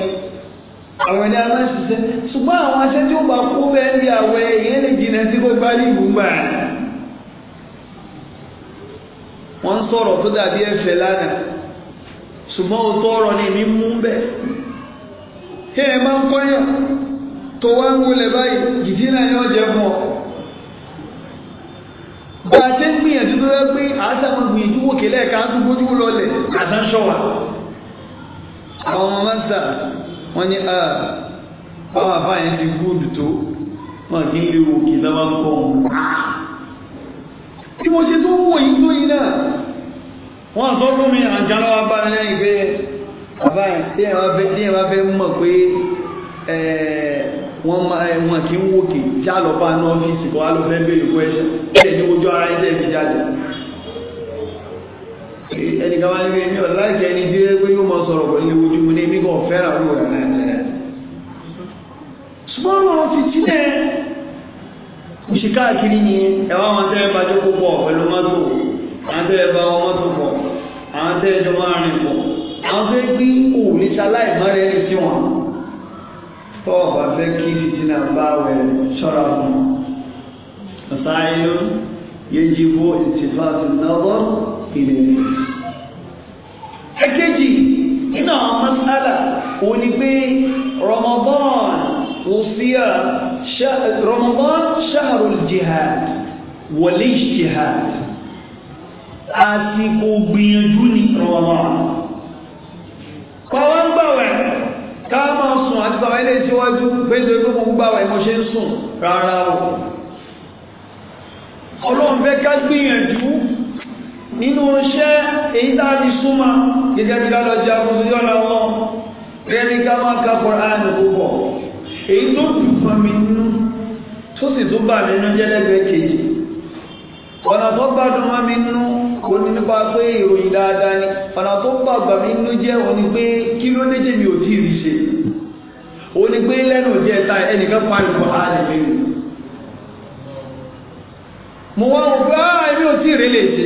àwọn ẹni a máa ṣiṣẹ́ ṣùgbọ́n àwọn aṣẹ́ tí ó bá kó bẹ́ẹ̀ ń bí àwẹ̀ yẹn lè jìnnà sí gbogbo alẹ́ ìgbùngbà rẹ̀ wọ́n ń sọ̀rọ̀ tó dàbí ẹ̀fẹ̀ lánàá ṣùgbọ́n o tọrọ ni mi mú bẹ́ ẹ ẹ máa ń kọ́yà tó wá ń wọlé báyìí jìdí náà yóò jẹ fún ọ. bá a ṣe ń gbìyànjú tó fẹ́ pé àásàmù gbìyànjú wò kélé ẹ̀ka tó bójú lọlẹ̀ àtàṣọ wa. àwọn ọmọ máa ń sà wọ́n ní ah, báwa báyẹn ti gúdù tó wọn kì í lè wò kí lọ́wọ́ ń bọ̀ wọn. Ah! tí mo ṣe tó ń wò yìí náà wọ́n sọ fún mi àjálọ́wọ́ bá pé bàbá tí ẹ bá fẹ́ mọ̀ pé wọ́n kì í wòkè já lọ bá ní ọ́fíìsì kọ́ ló fẹ́ fún ẹ̀ṣẹ̀ bẹ́ẹ̀ ni ojú ara ilé mi jáde ẹnìkan wá níbi ẹni ọ̀la ìṣẹ́ ẹni tí pé yóò mọ sọ̀rọ̀ pẹ̀lú ojú mi ní mímọ̀ fẹ́ràn lóòrán náà small office náà kùsì káàkiri ni ẹwà àwọn tẹ́ ẹ bá jókòó pọ̀ pẹ̀lú mọ́tò àwọn tẹ́ ẹ wọn mọ́tò pọ̀ àwọn tẹ́ ẹ jọ máa rìn pọ̀ àwọn tẹ́ gbé òòlì sáláì mọ́rẹ́ sí wọn. tọ́ ọ̀bà fẹ́ kí fìtínà bá wẹ̀ ṣọ́ra fún un. ọ̀sáyé yẹjibo ìtìfàtì náwó ilé rẹ̀. ẹ̀kejì nínú àwọn وفي شهر رمضان شهر الجهاد والاجتهاد àsìkò gbìyànjú ní rọmọdán kọ́wọ́ ń gbàwẹ̀ ká máa sùn àti bàbá ilé síwájú pẹ́sẹ̀ tó mọ̀ ń gbàwẹ̀ mo ṣe ń sùn rárá o ọlọ́run fẹ́ ká gbìyànjú nínú iṣẹ́ èyí tá a ti súnmọ́ gẹ́gẹ́ bí ká lọ jagun sí ọ̀nà ọlọ́run rẹ́ni ká máa ka Kùránì púpọ̀ èyí tó kù fún mi nínú tó sì tó bà nínú jẹ́lẹ́gbẹ̀ẹ́ kejì ọ̀nà tó gbádùn mọ́ mi nínú kò ní nípa pé ìròyìn dáadáa ni ọ̀nà tó gbàgbà mi nínú jẹ́ òní pé kí ló ò tí ì rí ṣe òní pé lẹ́nu ẹ̀ta ẹnìkan mo wá wọn pé ah, èmi ò tí ì rí lè ṣe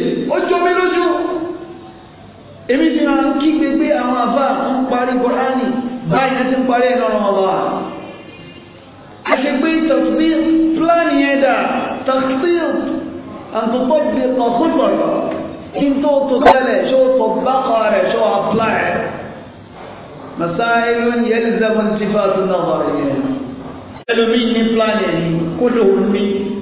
ó حتبي تطبيق بلان يدا تخطيط ان تطبق خطط انت تطلع شو تطبق على شو اطلع مسائل يلزم انتفاض النظرية قالوا مين بلان يدا كله مين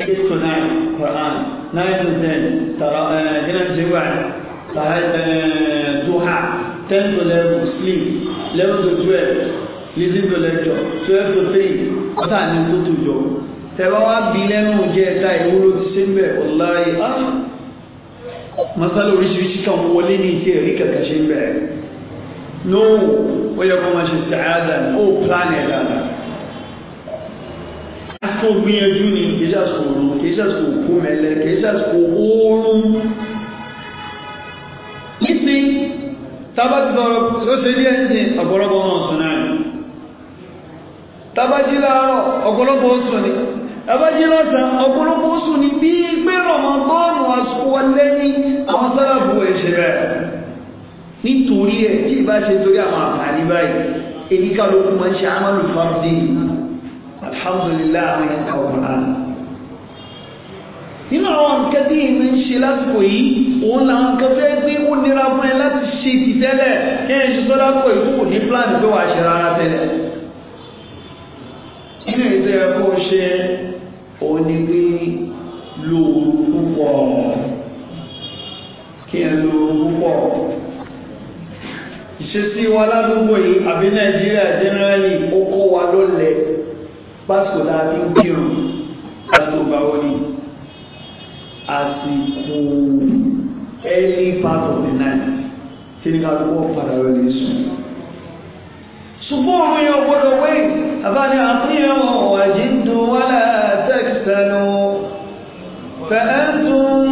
اسمع القران نايم زين ترى هنا آه، الجوع فهذا آه، دوحه تنزل المسلم لو تجوز listen to lecture twelve to three ọ̀tá ni tó tó jọ tẹ̀wá wá bí lẹ́nu jẹ́ ẹ̀ka ìwúlò ti ṣe ń bẹ̀ ọ̀láyé á masala oríṣiríṣi kan wọlé ní ìṣe ẹ̀rí kankan ṣe ń bẹ̀ no ó yẹ kó máa ṣe sàádà ní ó plan ẹ̀ dáadáa kó gbìyànjú ni kìí ṣàṣkò òòrùn kìí ṣàṣkò òkú mẹ́lẹ̀ kìí ṣàṣkò òórùn nísìn tábàtì sọ̀rọ̀ ló ṣe díẹ̀ sí ọ̀pọ̀lọpọ̀ wọn sùn náà tabají láàárọ̀ ọ̀pọ̀lọpọ̀ oṣù ni tabají lọ́sàn ọ̀pọ̀lọpọ̀ oṣù ni bí pé rọ̀mọ̀gọ́ọ̀nù àsùwọlé ní àwọn sáràbù ẹ̀ṣẹ̀ rẹ̀ nítorí ẹ̀ tí ìbá ṣe torí àwọn àǹfààní báyìí èyí kálukú máa ń ṣe amálù fáfdì alhamdulillah àwọn ẹ̀ka ọ̀ràn nínú àwọn nǹkan tí èmi ń ṣe lásìkò yìí òun làwọn nǹkan fẹ́ pé ó nira fún ẹ nínú ìtẹ́ ẹ̀kọ́ ṣe onígbé lóòrù púpọ̀ kí ẹ lóòrù púpọ̀ ìṣesí wa ládùúgbò yìí àbí nàìjíríà jẹ́nẹ́rẹ́lì ó kó wa lólẹ̀ pásítọ̀ láti ń kírun pásítọ̀ báwo ni àsìkò early part of the night kí ni ká ló wọ́n padà lọ lè sùn ṣùgbọ́n òun yẹn gbọ́dọ̀ wé àbáni àfihàn wàjíǹdù wàlà tẹ́kítẹ́lù fẹ́ẹ́ tún.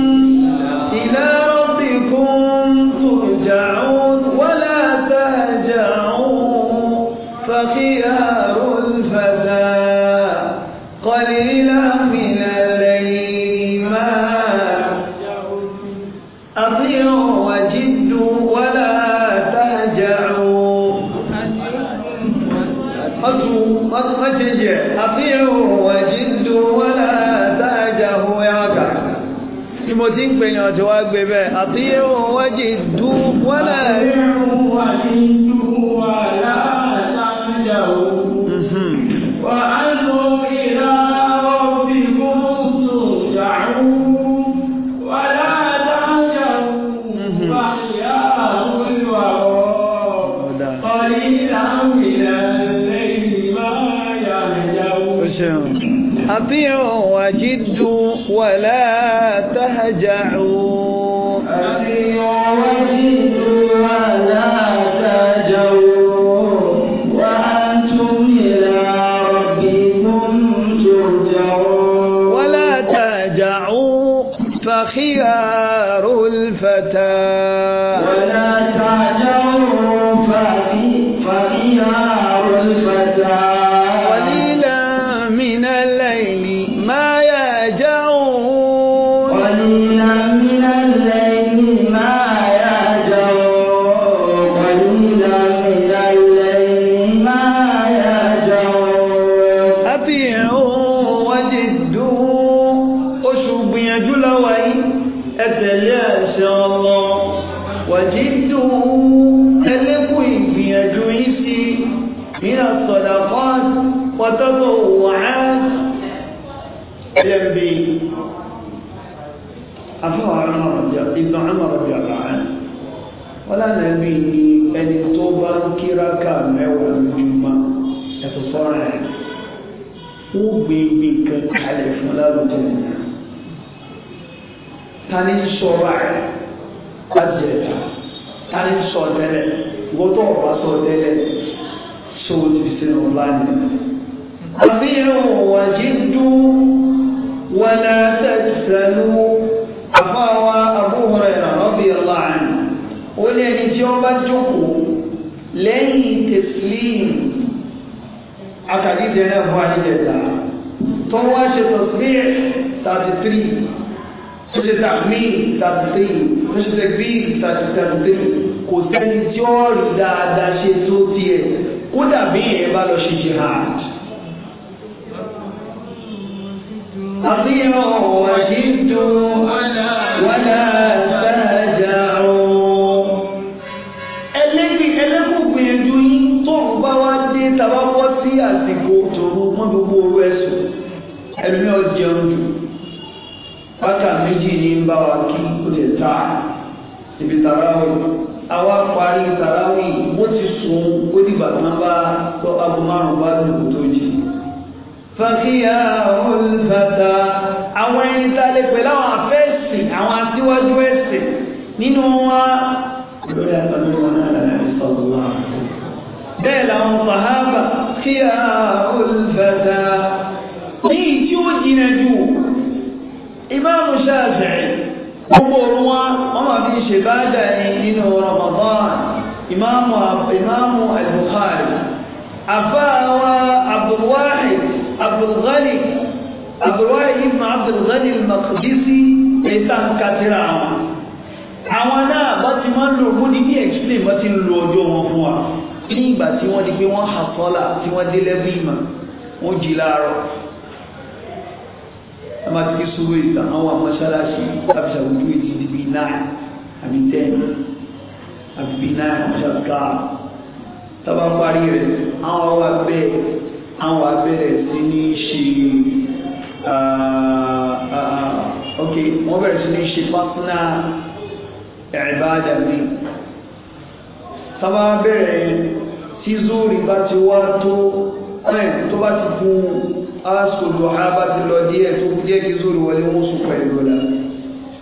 tí mo ti ń pè yàn tí wàá gbé bẹ́ẹ̀ àti yé wọn wá jì dú wọlé. أطيعوا وجدوا ولا sọ̀rọ̀ àyè láti ẹ̀ka tani sọ tẹ́lẹ̀ wọ́tọ̀ ọ̀bá sọ tẹ́lẹ̀ ṣé o ti ṣe lọ bá ní. àfihàn wàjí dú wàlá tẹ̀sánú àfáwa Abu Hurairah radiyallahu anhu. ó ní ẹni tí wọ́n bá jókòó lẹ́yìn tẹ̀sílíìn akadíjẹ náà fún àdíjẹta tó wá ṣe tọ̀sílíìn thirty three tó ṣe tàmíì ìtàkùntẹ́yìn oníṣẹ́ bí ìtàkùntẹ́yìn kò sẹ́ni tí ó rí dáadáa ṣe tó tiẹ̀ kódà bí ìyẹn bá lọ ṣe jihad. àbí ọ̀wà dídò wàlá sáájà ọ̀. ẹlẹ́gbìn ẹlẹ́kùn gbìyànjú yín tóun bá wá dé tàbá bọ́ sí àsìkò tòun mọ́ gbogbo orú ẹ̀sùn ẹlòmíràn jẹun jù bákà méjì ní bá wa kí kulè ta ibi tàràwì àwa parí tàràwì wọ́n ti sùn ó dìgbà tí wọ́n bá tọ́ aago márùn-ún bá dùn kó tó jì. fàkíyà olùfàtà àwọn ẹni tá a lè pè láwọn afẹ́sìn àwọn aṣíwájú ẹ̀sìn nínú wa. lórí àtàlù wọn náà lànà ìsọ̀rọ̀ wa. bẹ́ẹ̀ làwọn sàhábà kíyà olùfàtà ní ìdí ó jìnnà jù ìmáàmù Ṣáfi'í gbogbo òru wọn wọn máa fi ṣe báàdà ní nínú Ramadan ìmáàmù ìmáàmù al-Bukhari àfáàwá Abdulwahid Abdulghani Abdulwahid ibn Abdulghani al-Maqdisi èyí tá à ń katira àwọn àwọn náà bá ti máa ń lo òkú ní bí explain bá ti ń lo ọjọ́ wọn fún wa ní ìgbà tí wọ́n di pé wọ́n hàtọ́là tí wọ́n dé ìmọ̀ wọ́n jí láàárọ̀ má ti sùúrù ìgbà wọn wà mọ́ṣáláṣí láti ṣàwùjú ìdí ti bíi náà àbí tẹ́ẹ̀n àbí bíi náà ṣàkà tábà parí rẹ̀ àwọn wà bẹ́ẹ̀ àwọn abẹ́rẹ́ sí ní ṣe ok wọ́n bẹ̀rẹ̀ sí ní ṣe pátánà ìbádà mi tábà bẹ̀rẹ̀ tí zúrì bá ti wá tó tó bá ti fún un asòlò àbá ti lọ díẹ̀ tó kú díẹ̀ kí zoro wọlé wọn sùn pẹ̀lú ọ̀la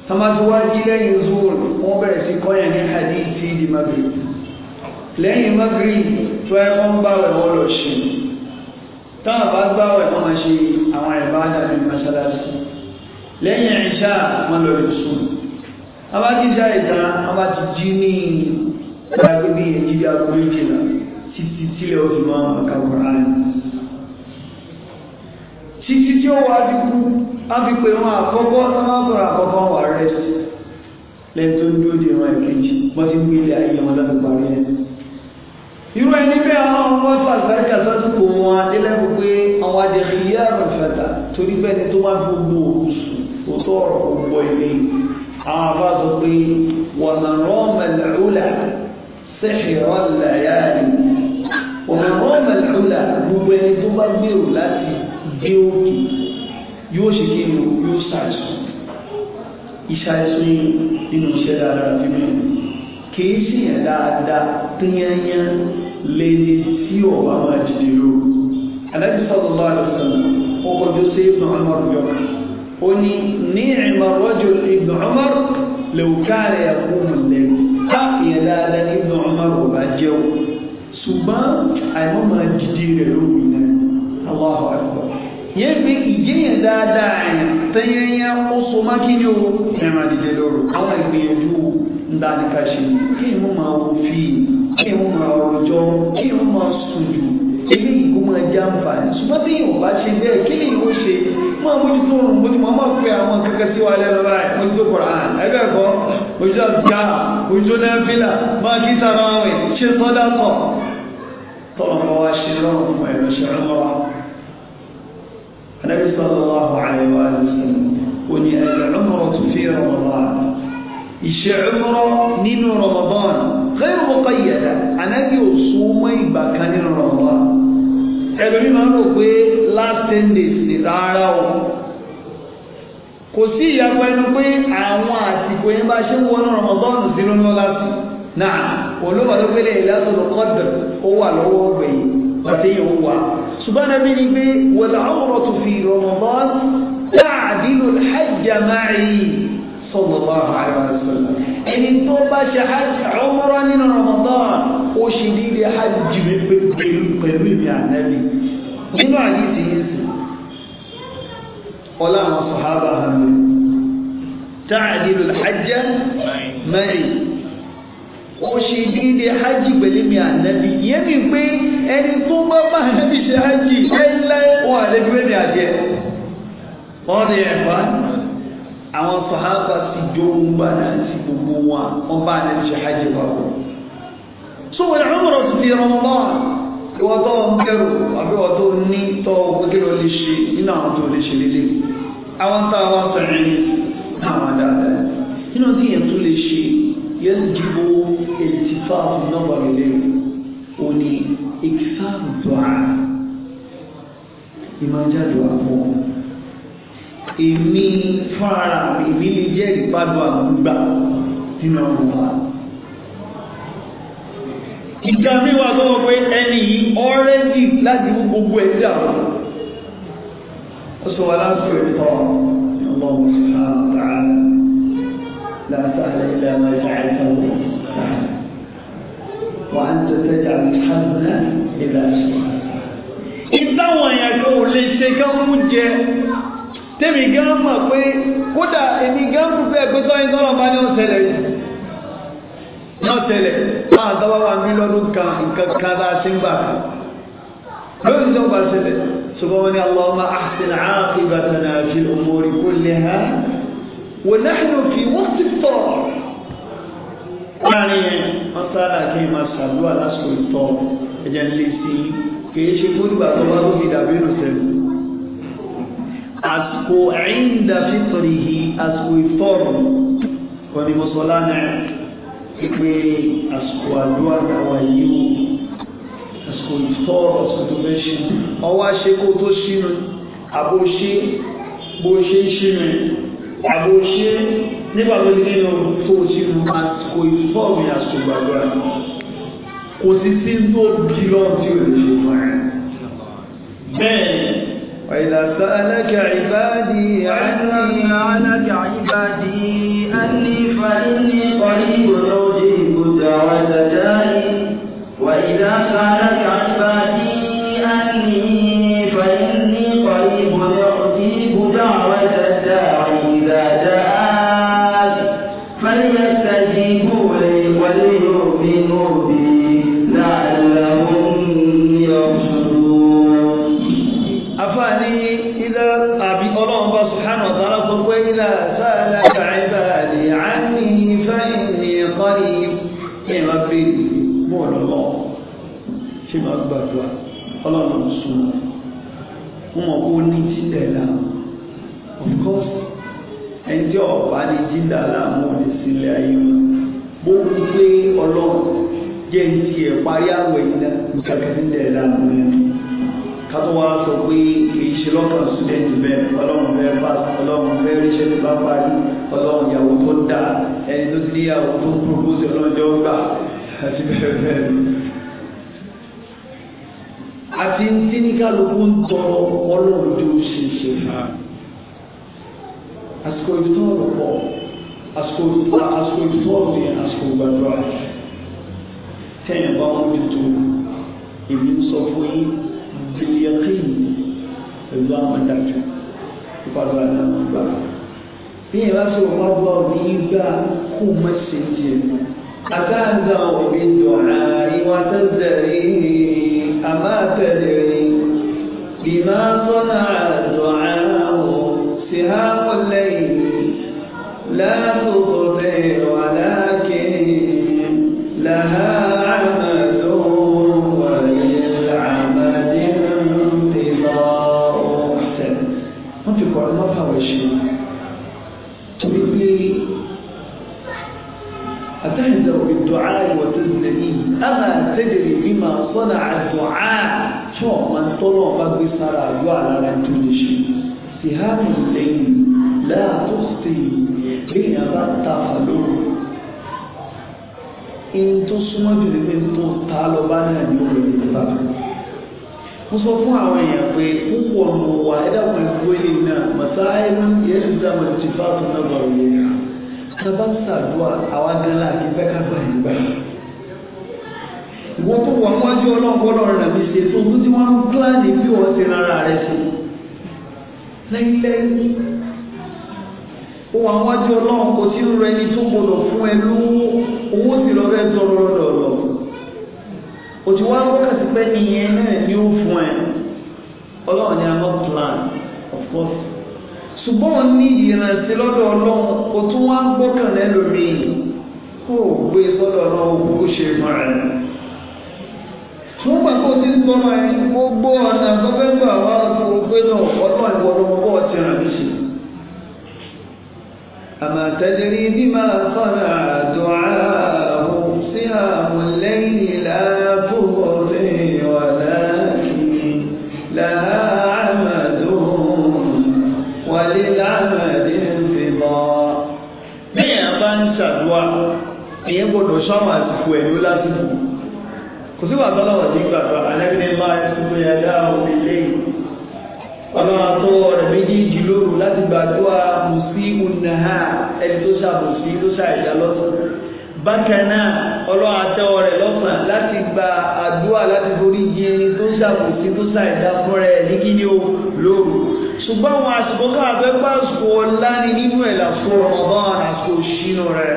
tamati wá jí lẹ́yìn zoro wọn bẹ̀rẹ̀ sí kọ́yàn ní hadithi di magri lẹ́yìn magri tó ẹ wọn bá wẹ̀ wọn lọ ṣe táwọn bá gbá wẹ̀ wọn máa ṣe àwọn ẹ̀bá dàbí mọ́ṣáláṣí lẹ́yìn ìṣá wọn lọ sùn abá ìta abá jí ní ìgbàgbé bíi èyí bí aago méjìlá títí tílẹ̀ ó fi máa títí tí ó wá dúkú á fi pè wọn àkọ́kọ́ sábàbọ̀rọ̀ àkọ́kọ́ wà rẹ̀ lẹ́yìn tó ń dúró di ìran ìkejì wọ́n ti gbé ilé ayé wọn láti parí ẹ̀. irú ẹni bẹ́ẹ̀ ọlọ́run wọ́n fà sáré àsásùkò wọn adélẹ́kùn pé àwọn adẹ̀kìyà àrùnfàdà torí bẹ́ẹ̀ ni tó bá fi gbó oṣù tó tọ̀rọ̀ gbọ́ ilé àwọn àbá sọ pé wọ́n nà rọ́ọ̀mù ẹ̀lẹ́rúlà sẹ́hìrọ̀ dé òkè yóò ṣe kí inú yóò ṣàìsàn ìṣàìsàn nínú iṣẹ́ dáadáa fi mú kìí sì yàn dáadáa tẹ́yẹ́yẹ́ lẹ́ni tí ọba máa dìde lóru aláàbí sọ́dọ̀ bá rẹ̀ sọ̀rọ̀ ọkọ̀ tó ṣe ibn Umar yọkà ó ní ní ìmọ̀ rọ́jò ibn Umar lèwùkárẹ̀ ẹ̀kún lẹ́nu á yàn dáadáa ní ibn Umar kò bá jẹun ṣùgbọ́n àìmọ́ máa dìde rẹ̀ lóru náà Allahu akbar yẹ́ fi ìjẹ́yẹ̀ dáadáa ẹ̀ tẹ́yẹyẹ ó so má kí ni o ẹ̀rọ àdìjẹ lọ́rọ̀ àwọn ìgbìyànjú ńdáníkà ṣe kí ni wọ́n máa wo fi kí ni wọ́n máa rọjọ́ kí ni wọ́n máa sùn jù ilé ìgbó máa já ń fà ní ṣùgbọ́n tí yóò bá ṣe bẹ́ẹ̀ kí ni yóò ṣe máa mójú tó rùn bójú máa máa pe àwọn kankan sí wa lẹ́nu ra mójú tó kọ̀ra hàn ẹgbẹ́ ẹ̀kọ́ ojú àbíyá ojú nẹ́fílà máa kí sára rẹ̀ ṣe tọ́dá kọ̀ tọ́lọ́mọ wa ṣe lọ́rùn ẹ̀rọ ṣe rán النبي صلى الله عليه وآله وسلم وني العمرة في رمضان إيش عمرة نين رمضان غير مقيدة أنا دي وصومي بكان رمضان ẹlòmí máa ń rò pé last ten days ni rárá o kò sí ìyàpọ̀ ẹnu pé àwọn àsìkò yẹn bá ṣe ń wọnú rọmọdọ́ọ̀nù sínú ní ọlá sí náà olóòwò ló ìlàsọ̀rọ̀ kọ́dọ̀ ó wà lọ́wọ́ ọ̀gbẹ̀yìn gbàtẹ́yẹ̀ ó wà ṣùgbọ́n àbí ni pé wọ̀lá ọ̀rọ̀ tó fi Ramadan láàdínú hajjá máa rí sallallahu alaihi wasallam ẹni tó bá ṣe hajj umrah nínú Ramadan ó ṣe dídí hajj pẹ̀lú ìmì ànábì nínú àdìsí yìí sí ọlá àwọn sàhábà hàn mí تعدل الحج معي ó ṣe déédé hajj pẹ̀lú mi ànábi ìyẹn mi pé ẹni tó bá bá ànábi ṣe hajj láíláí wọn àlejò bẹ́ẹ̀ mi àjẹ wọn ni ẹ̀fọ́ àwọn sàhábà ti dóhùn gbà náà sí gbogbo wọn wọn bá ànábi ṣe hajj papọ̀ so wọn àwọn ọmọ rẹ ti Ramadan ìwọ tó ń kẹrù àbí ìwọ tó ní tó gbẹgẹrẹ lè ṣe nínú àwọn tó lè ṣe lélẹ̀ àwọn tá a wá náà wọn dáadáa nínú tí yẹn tún lè ṣe yẹ́njìbó ètìfà nọ́mbà mẹ́lẹ́ o ní ìkísàmù dùà ìmájáde àpọ̀ èmi fara èmi ní jẹ́ ìpàdé àgbà nínú àwọn ọba. ìgbà mi wà lọ́wọ́ pé ẹni yìí ọ́rẹ́dì láti mú gbogbo ẹ̀ dà ó sọ wà láti ẹ̀kọ́ ọmọ ọmọ sọ̀rọ̀ àtàrà. لا سهل إلا ما جعلته وأنت تجعل الحزن إذا شئت إذا èèyàn kan ò lè ṣe kán mú jẹ tèmi gan mọ̀ pé kódà èmi gan mú fẹ́ pé sọ́yìn tọ́lọ̀ bá ní ọ̀sẹ̀lẹ̀ yìí ní ọ̀sẹ̀lẹ̀ máa tọ́wọ́ wa mí lọ́dún kan nǹkan kan bá ti ń gbà lórí tó bá ṣẹlẹ̀ ṣùgbọ́n wọn ni Allahumma ahsin aqibatana fil umuri kulliha. ونحن في وقت الطار láàrin yẹn wọn sára kí n máa ṣàdúrà lásìkò ìtọ ẹjẹ ń lé sí i kìí ṣe fún ìgbà tó bá tóbi dàbí ìrọsẹlú àsìkò ẹ̀yìndà fìtọrì yìí àsìkò ìtọrọ kọ́ni mọ́sọ́lá náà pípé àsìkò àdúrà àwọn yìí àsìkò ìtọrọ àsìkò tó fẹ́ ṣe ọwọ́ àṣekó tó ṣínú àbóṣe bó ṣe ń ṣínú àbò ṣe nígbà tó ti kéde ohun tó ṣe mu àsìkò ìfọ́ọ̀mù àsùgbà gbọ́ra kò sí sí tó bí lọ́wọ́ tí ò lè ṣe fún ẹ. bẹ́ẹ̀ وإذا سألك عبادي عني سألك عبادي أني فإني قريب أجيب دعوة داعي وإذا سألك عبادي dà láàmú òní sílẹ̀ ayé wọn bó ń gbé ọlọ́run jẹ́ ní tiẹ̀ parí àwẹ̀ yìí náà nǹkan kan dẹ̀ láàmú yẹn kátó wá sọ pé kì ṣe lọ́kàn sílẹ̀tì bẹ́ẹ̀ ọlọ́run fẹ́ bá ọlọ́run fẹ́ ríṣẹ́ tó bá parí ọlọ́run ìyàwó tó dà ẹni tó ti níyàwó tó púrúkúsì ọlọ́jọ́ gbà àti bẹ́ẹ̀ bẹ́ẹ̀ lọ. àti tí ní kálukú ń tọrọ ọlọ́run tó ṣe ṣe fà á. àsìkò ìtọ́rọ̀ ascolta, ascoltone, ascoltatore. Tem a bola de tudo. E não só foi bilhaqim. Allah mandar-te. E para lá, não, não. Bem, lá se o Marlon diga como se sentir. أتهزأ بالدعاء وتزدري أما تدري بما صنع الدعاء سهام الليل لا تبطي ولكن لها عمل وللعمل انتظار wọ́n ti kọ́ ọ̀nà fáwọn ẹ̀ṣẹ̀ torí pé بالدعاء وتزدري أما تدري بما صنع الدعاء شو من طلب بسرعة على أن تنشي سهام الليل لا تخطي bí èèyàn bá ta fàlóru in tó súnmọ́ jù ní pé mo sọ fún àwọn èèyàn pé púpọ̀ mo wà ẹ̀dàpọ̀ ìfowó ilé náà màsáyé ló ń yẹ ẹ̀sùn dáàbò ti fà náà yẹn ká bá ń àwa gan fẹ́ ká gbà ìwọ tó wà bí wọ́n ti rẹ̀ ó wà wájú ọlọ́run kò tí ń rẹ ní tó gbọdọ̀ fún ẹ lówó owó sì lọ bẹ́ẹ̀ tọrọ wá ni ó fún ẹ ọlọ́run ni a plan of course ṣùgbọ́n ní ìrántí lọ́dọ̀ ọlọ́run kò tún wá ń gbọ́kàn lẹ́lòmíì kó o gbé e sọ́dọ̀ ọlọ́run kó ṣe أما تدري بما صنع دعاه صيام الليل لا فضي ولكن لها عمد وللعمد انقضاء بيا بان شدوى ìyẹn gbọ́dọ̀ ṣọ́mà àsìkò ẹ̀lú lásìkò kò síwà tọ́lọ̀wọ̀ nígbàtọ̀ alẹ́gbẹ̀ẹ́ máa ẹ̀sùn tó yẹ dáa òun ilé yìí bàbá wa tó ọ̀rẹ́ méjèèjì lóru láti gbàdúrà mùsí unaha ẹni tó ṣàbùsí ló ṣàìdá lọ́sàn bákan náà ọlọ́wà tẹ ọ̀rẹ́ lọ́sàn láti gba àdúrà láti forí jì ẹni tó ṣàbùsí tó ṣàìdá fún rẹ̀ ní kí ni ó lóru ṣùgbọ́n àwọn àsìkò káà fẹ́ bá àsìkò ọ̀la ni nínú ẹ̀ lásìkò Ramadan àsìkò ṣínú rẹ̀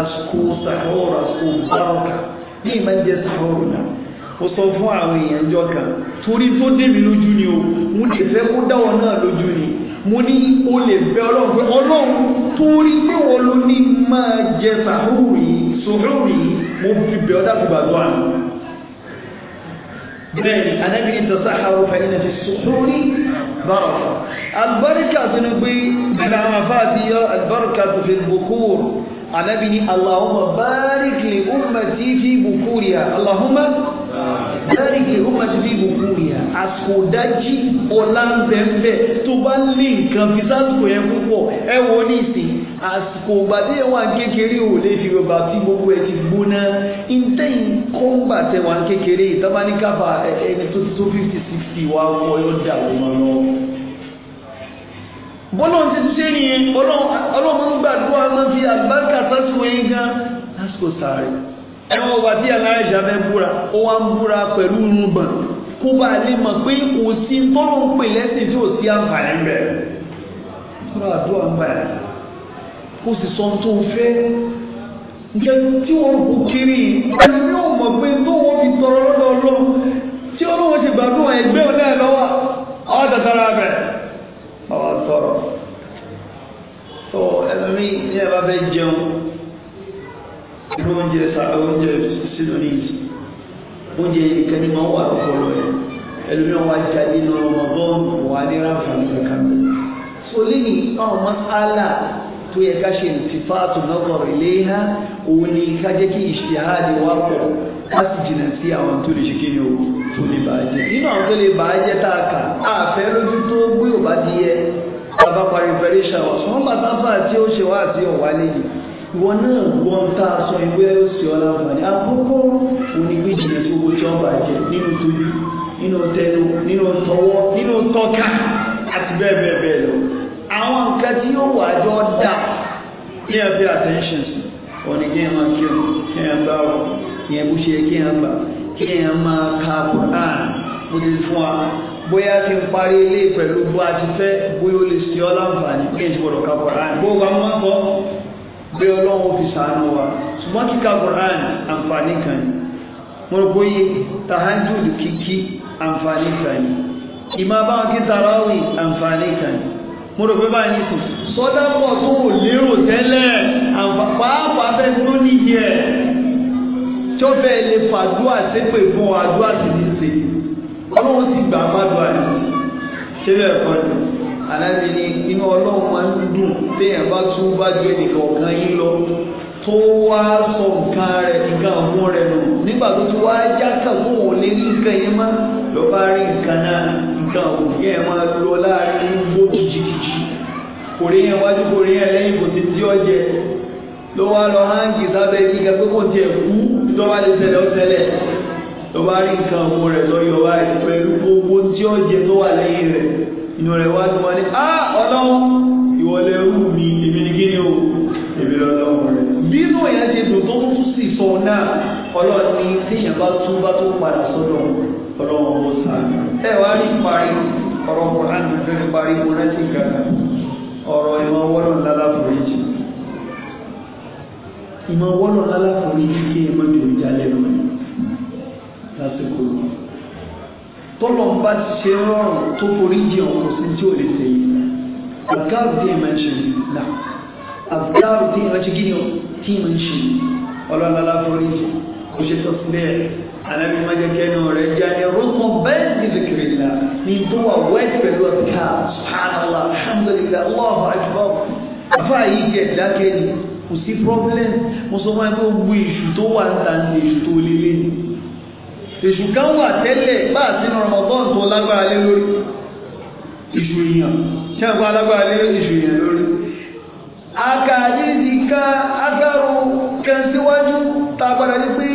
àsìkò sàhóòrò àsìkò bárọ̀kà ní ìmọ̀ jẹ́ sàhóòrò náà ó sọ fún àwọn èèyàn jọ kan torí tó dé mi lójú ni o mo lè fẹ́ kó dáwọ́ náà lójú ni mo ní o lè bẹ ọlọ́run pé ọlọ́run torí pé wọ́n ló ní máa jẹ sàhúrì sòhúrì mo fi bẹ ọdá tó allahumma barik li ummati fi bukúrìà allahumma dáríkì ó máa ṣe bí ìbùkún ìyà àsìkò dájí ọ̀la ń bẹ ń bẹ tó fi sásìkò yẹn púpọ̀ ẹ wo ní ìsìn àsìkò gbàdé wà kékeré ò lè fi bàbá tí gbogbo ẹ ti gbóná ìtẹ́yìn kọ́ńgbà tẹ wà kékeré ìtàbáníkàfà ẹni tó ti tó fifty sixty wà wọ́ yóò dà wọ́n lọ́wọ́ bọ́lọ́n ti ṣe gbàdúrà ẹran ọba tí aláìsà fẹ́ búra ó wá ń búra pẹ̀lú irùngbọ̀n kó bá lè mọ̀ pé kò sí tọ́lọ́ ń pè lẹ́sìn tí ò sí àǹfààní rẹ̀ kúrò àdúrà ń kó sì tí wọ́n kú kiri ẹni ní ò pé tó wọ́n tọrọ lọ́dọ̀ tí ti gbàdúrà ẹgbẹ́ lọ́wọ́ àwọn rẹ̀ àwọn tọrọ tó ní bá fẹ́ jẹun irú nje sàrà oúnjẹ sínú ní ìsìn oúnjẹ nìkan ni máa ń wà lọ́pọ̀lọ́ ẹ̀ ẹlòmíràn wá jáde ní ọmọ bọ́ọ̀mù wà ní ráǹfààní kankan. so masala tó yẹ ká ṣe ìtìfáàtò lọ́kọ̀ọ̀rọ̀ ni o a o ìwọ náà wọ́n tá a sọ ìwé òsì ọ̀la ọ̀gbàdì àkókò onígbé jìnnà tí owó tí wọ́n bá jẹ nínú tóbi nínú tẹnu nínú tọwọ́ nínú tọ́ka àti bẹ́ẹ̀ bẹ́ẹ̀ bẹ́ẹ̀ lọ àwọn nǹkan tí yóò wà jọ dà ní ẹbí attention sí ọ̀nì kí ẹ máa kí ọ kí ẹ bá ọ kí ẹ bú ṣe kí ẹ bá kí ẹ máa ka Quran bó ti fún wa bóyá ti ń parí ilé pẹ̀lú bó a ti fẹ́ bóyá o lè ṣe ọ́ láǹfààní kí ẹ ti gbọ́dọ̀ ka Quran bó o bá mọ́ ọ bí ọlọ́run fi sàánú wa ṣùgbọ́n kíkà Qur'an àǹfààní kan ní mọ̀rọ̀kóyí tahajjud kíkí àǹfààní kan ní ìmá bá wọn kí tarawih àǹfààní kan ní mọ̀rọ̀kóyí bá ní kù sọ́dá pọ̀ tó wò lérò tẹ́lẹ̀ pàápàá fẹ́ tó níyẹ tó fẹ́ lè fàdúà sépè fún àdúà sì ní ṣe alábi ni inú ọlọ́run máa ń dùn téèyàn bá tún bá ju ẹnìkan ọ̀kan yín lọ tó wá sọ nǹkan rẹ̀ nǹkan àmú rẹ̀ nù nígbà tó tún wá jákà fún òun lé ní nǹkan yẹn má lọ bá rí nǹkan náà nǹkan òun yẹn máa lọ láàrin gbó jìjìjì kò rí yẹn wájú kò rí yẹn lẹ́yìn kò ti tí ọ jẹ ló wá lọ háǹgì sábẹ́ gíga pé kò tiẹ̀ kú ìjọba lè tẹ̀lé ọ tẹ̀lé lọ bá rí nǹkan àmú rẹ̀ lọ yọ wá pẹ̀lú gbogbo tí ọ jẹ tó wà lẹ́yìn rẹ̀ inú rẹ̀ wá tó wá ní á ah, ọlọ́run ìwọlé rú mi èmi ní kí ni o èmi lọ́lọ́run rẹ̀ bínú ẹ̀yà ti dùn tó tún sì sọ náà ọlọ́run ní téèyàn bá tún bá tó padà sọ́dọ̀ ọlọ́run ó sá ẹ wá rí parí ọ̀rọ̀ kọ̀ọ̀lá ní fẹ́rẹ̀ parí mo rántí gàgà ọ̀rọ̀ ìmọ̀ wọ́lọ̀ ńlá láforíjì ìmọ̀ wọ́lọ̀ ńlá láforíjì kí ẹ mọ́jọ ìjálẹ̀ lọ́wọ́ lásìkò yìí tọ́lọ̀ bá ṣe rọrùn tó forí jẹ ọkọ̀ sí tí ó lè ṣe yìí àgbáàrù tí ìmọ̀ ṣe nà àgbáàrù tí ìmọ̀ ṣe kí ni ó tí ìmọ̀ ṣe ọlọ́lọ́lá forí jẹ kò ṣe sọ sí bẹ́ẹ̀ alábi má jẹ́ kẹ́nu rẹ̀ jẹ́ ní rúkun bẹ́ẹ̀ ní zikiri la ní tó wà wẹ́ẹ̀tì pẹ̀lú ọ̀tá subhanallah alhamdulillah allahu akbar afa yìí jẹ́ dákẹ́ ni kò sí problem èṣù kan wà tẹ́lẹ̀ bá sínú Ramadan tó lágbára lé lórí èṣù èèyàn tí a gbá lágbára lé èṣù èèyàn lórí akàdídì ká agbárò kan síwájú tagbára ní pé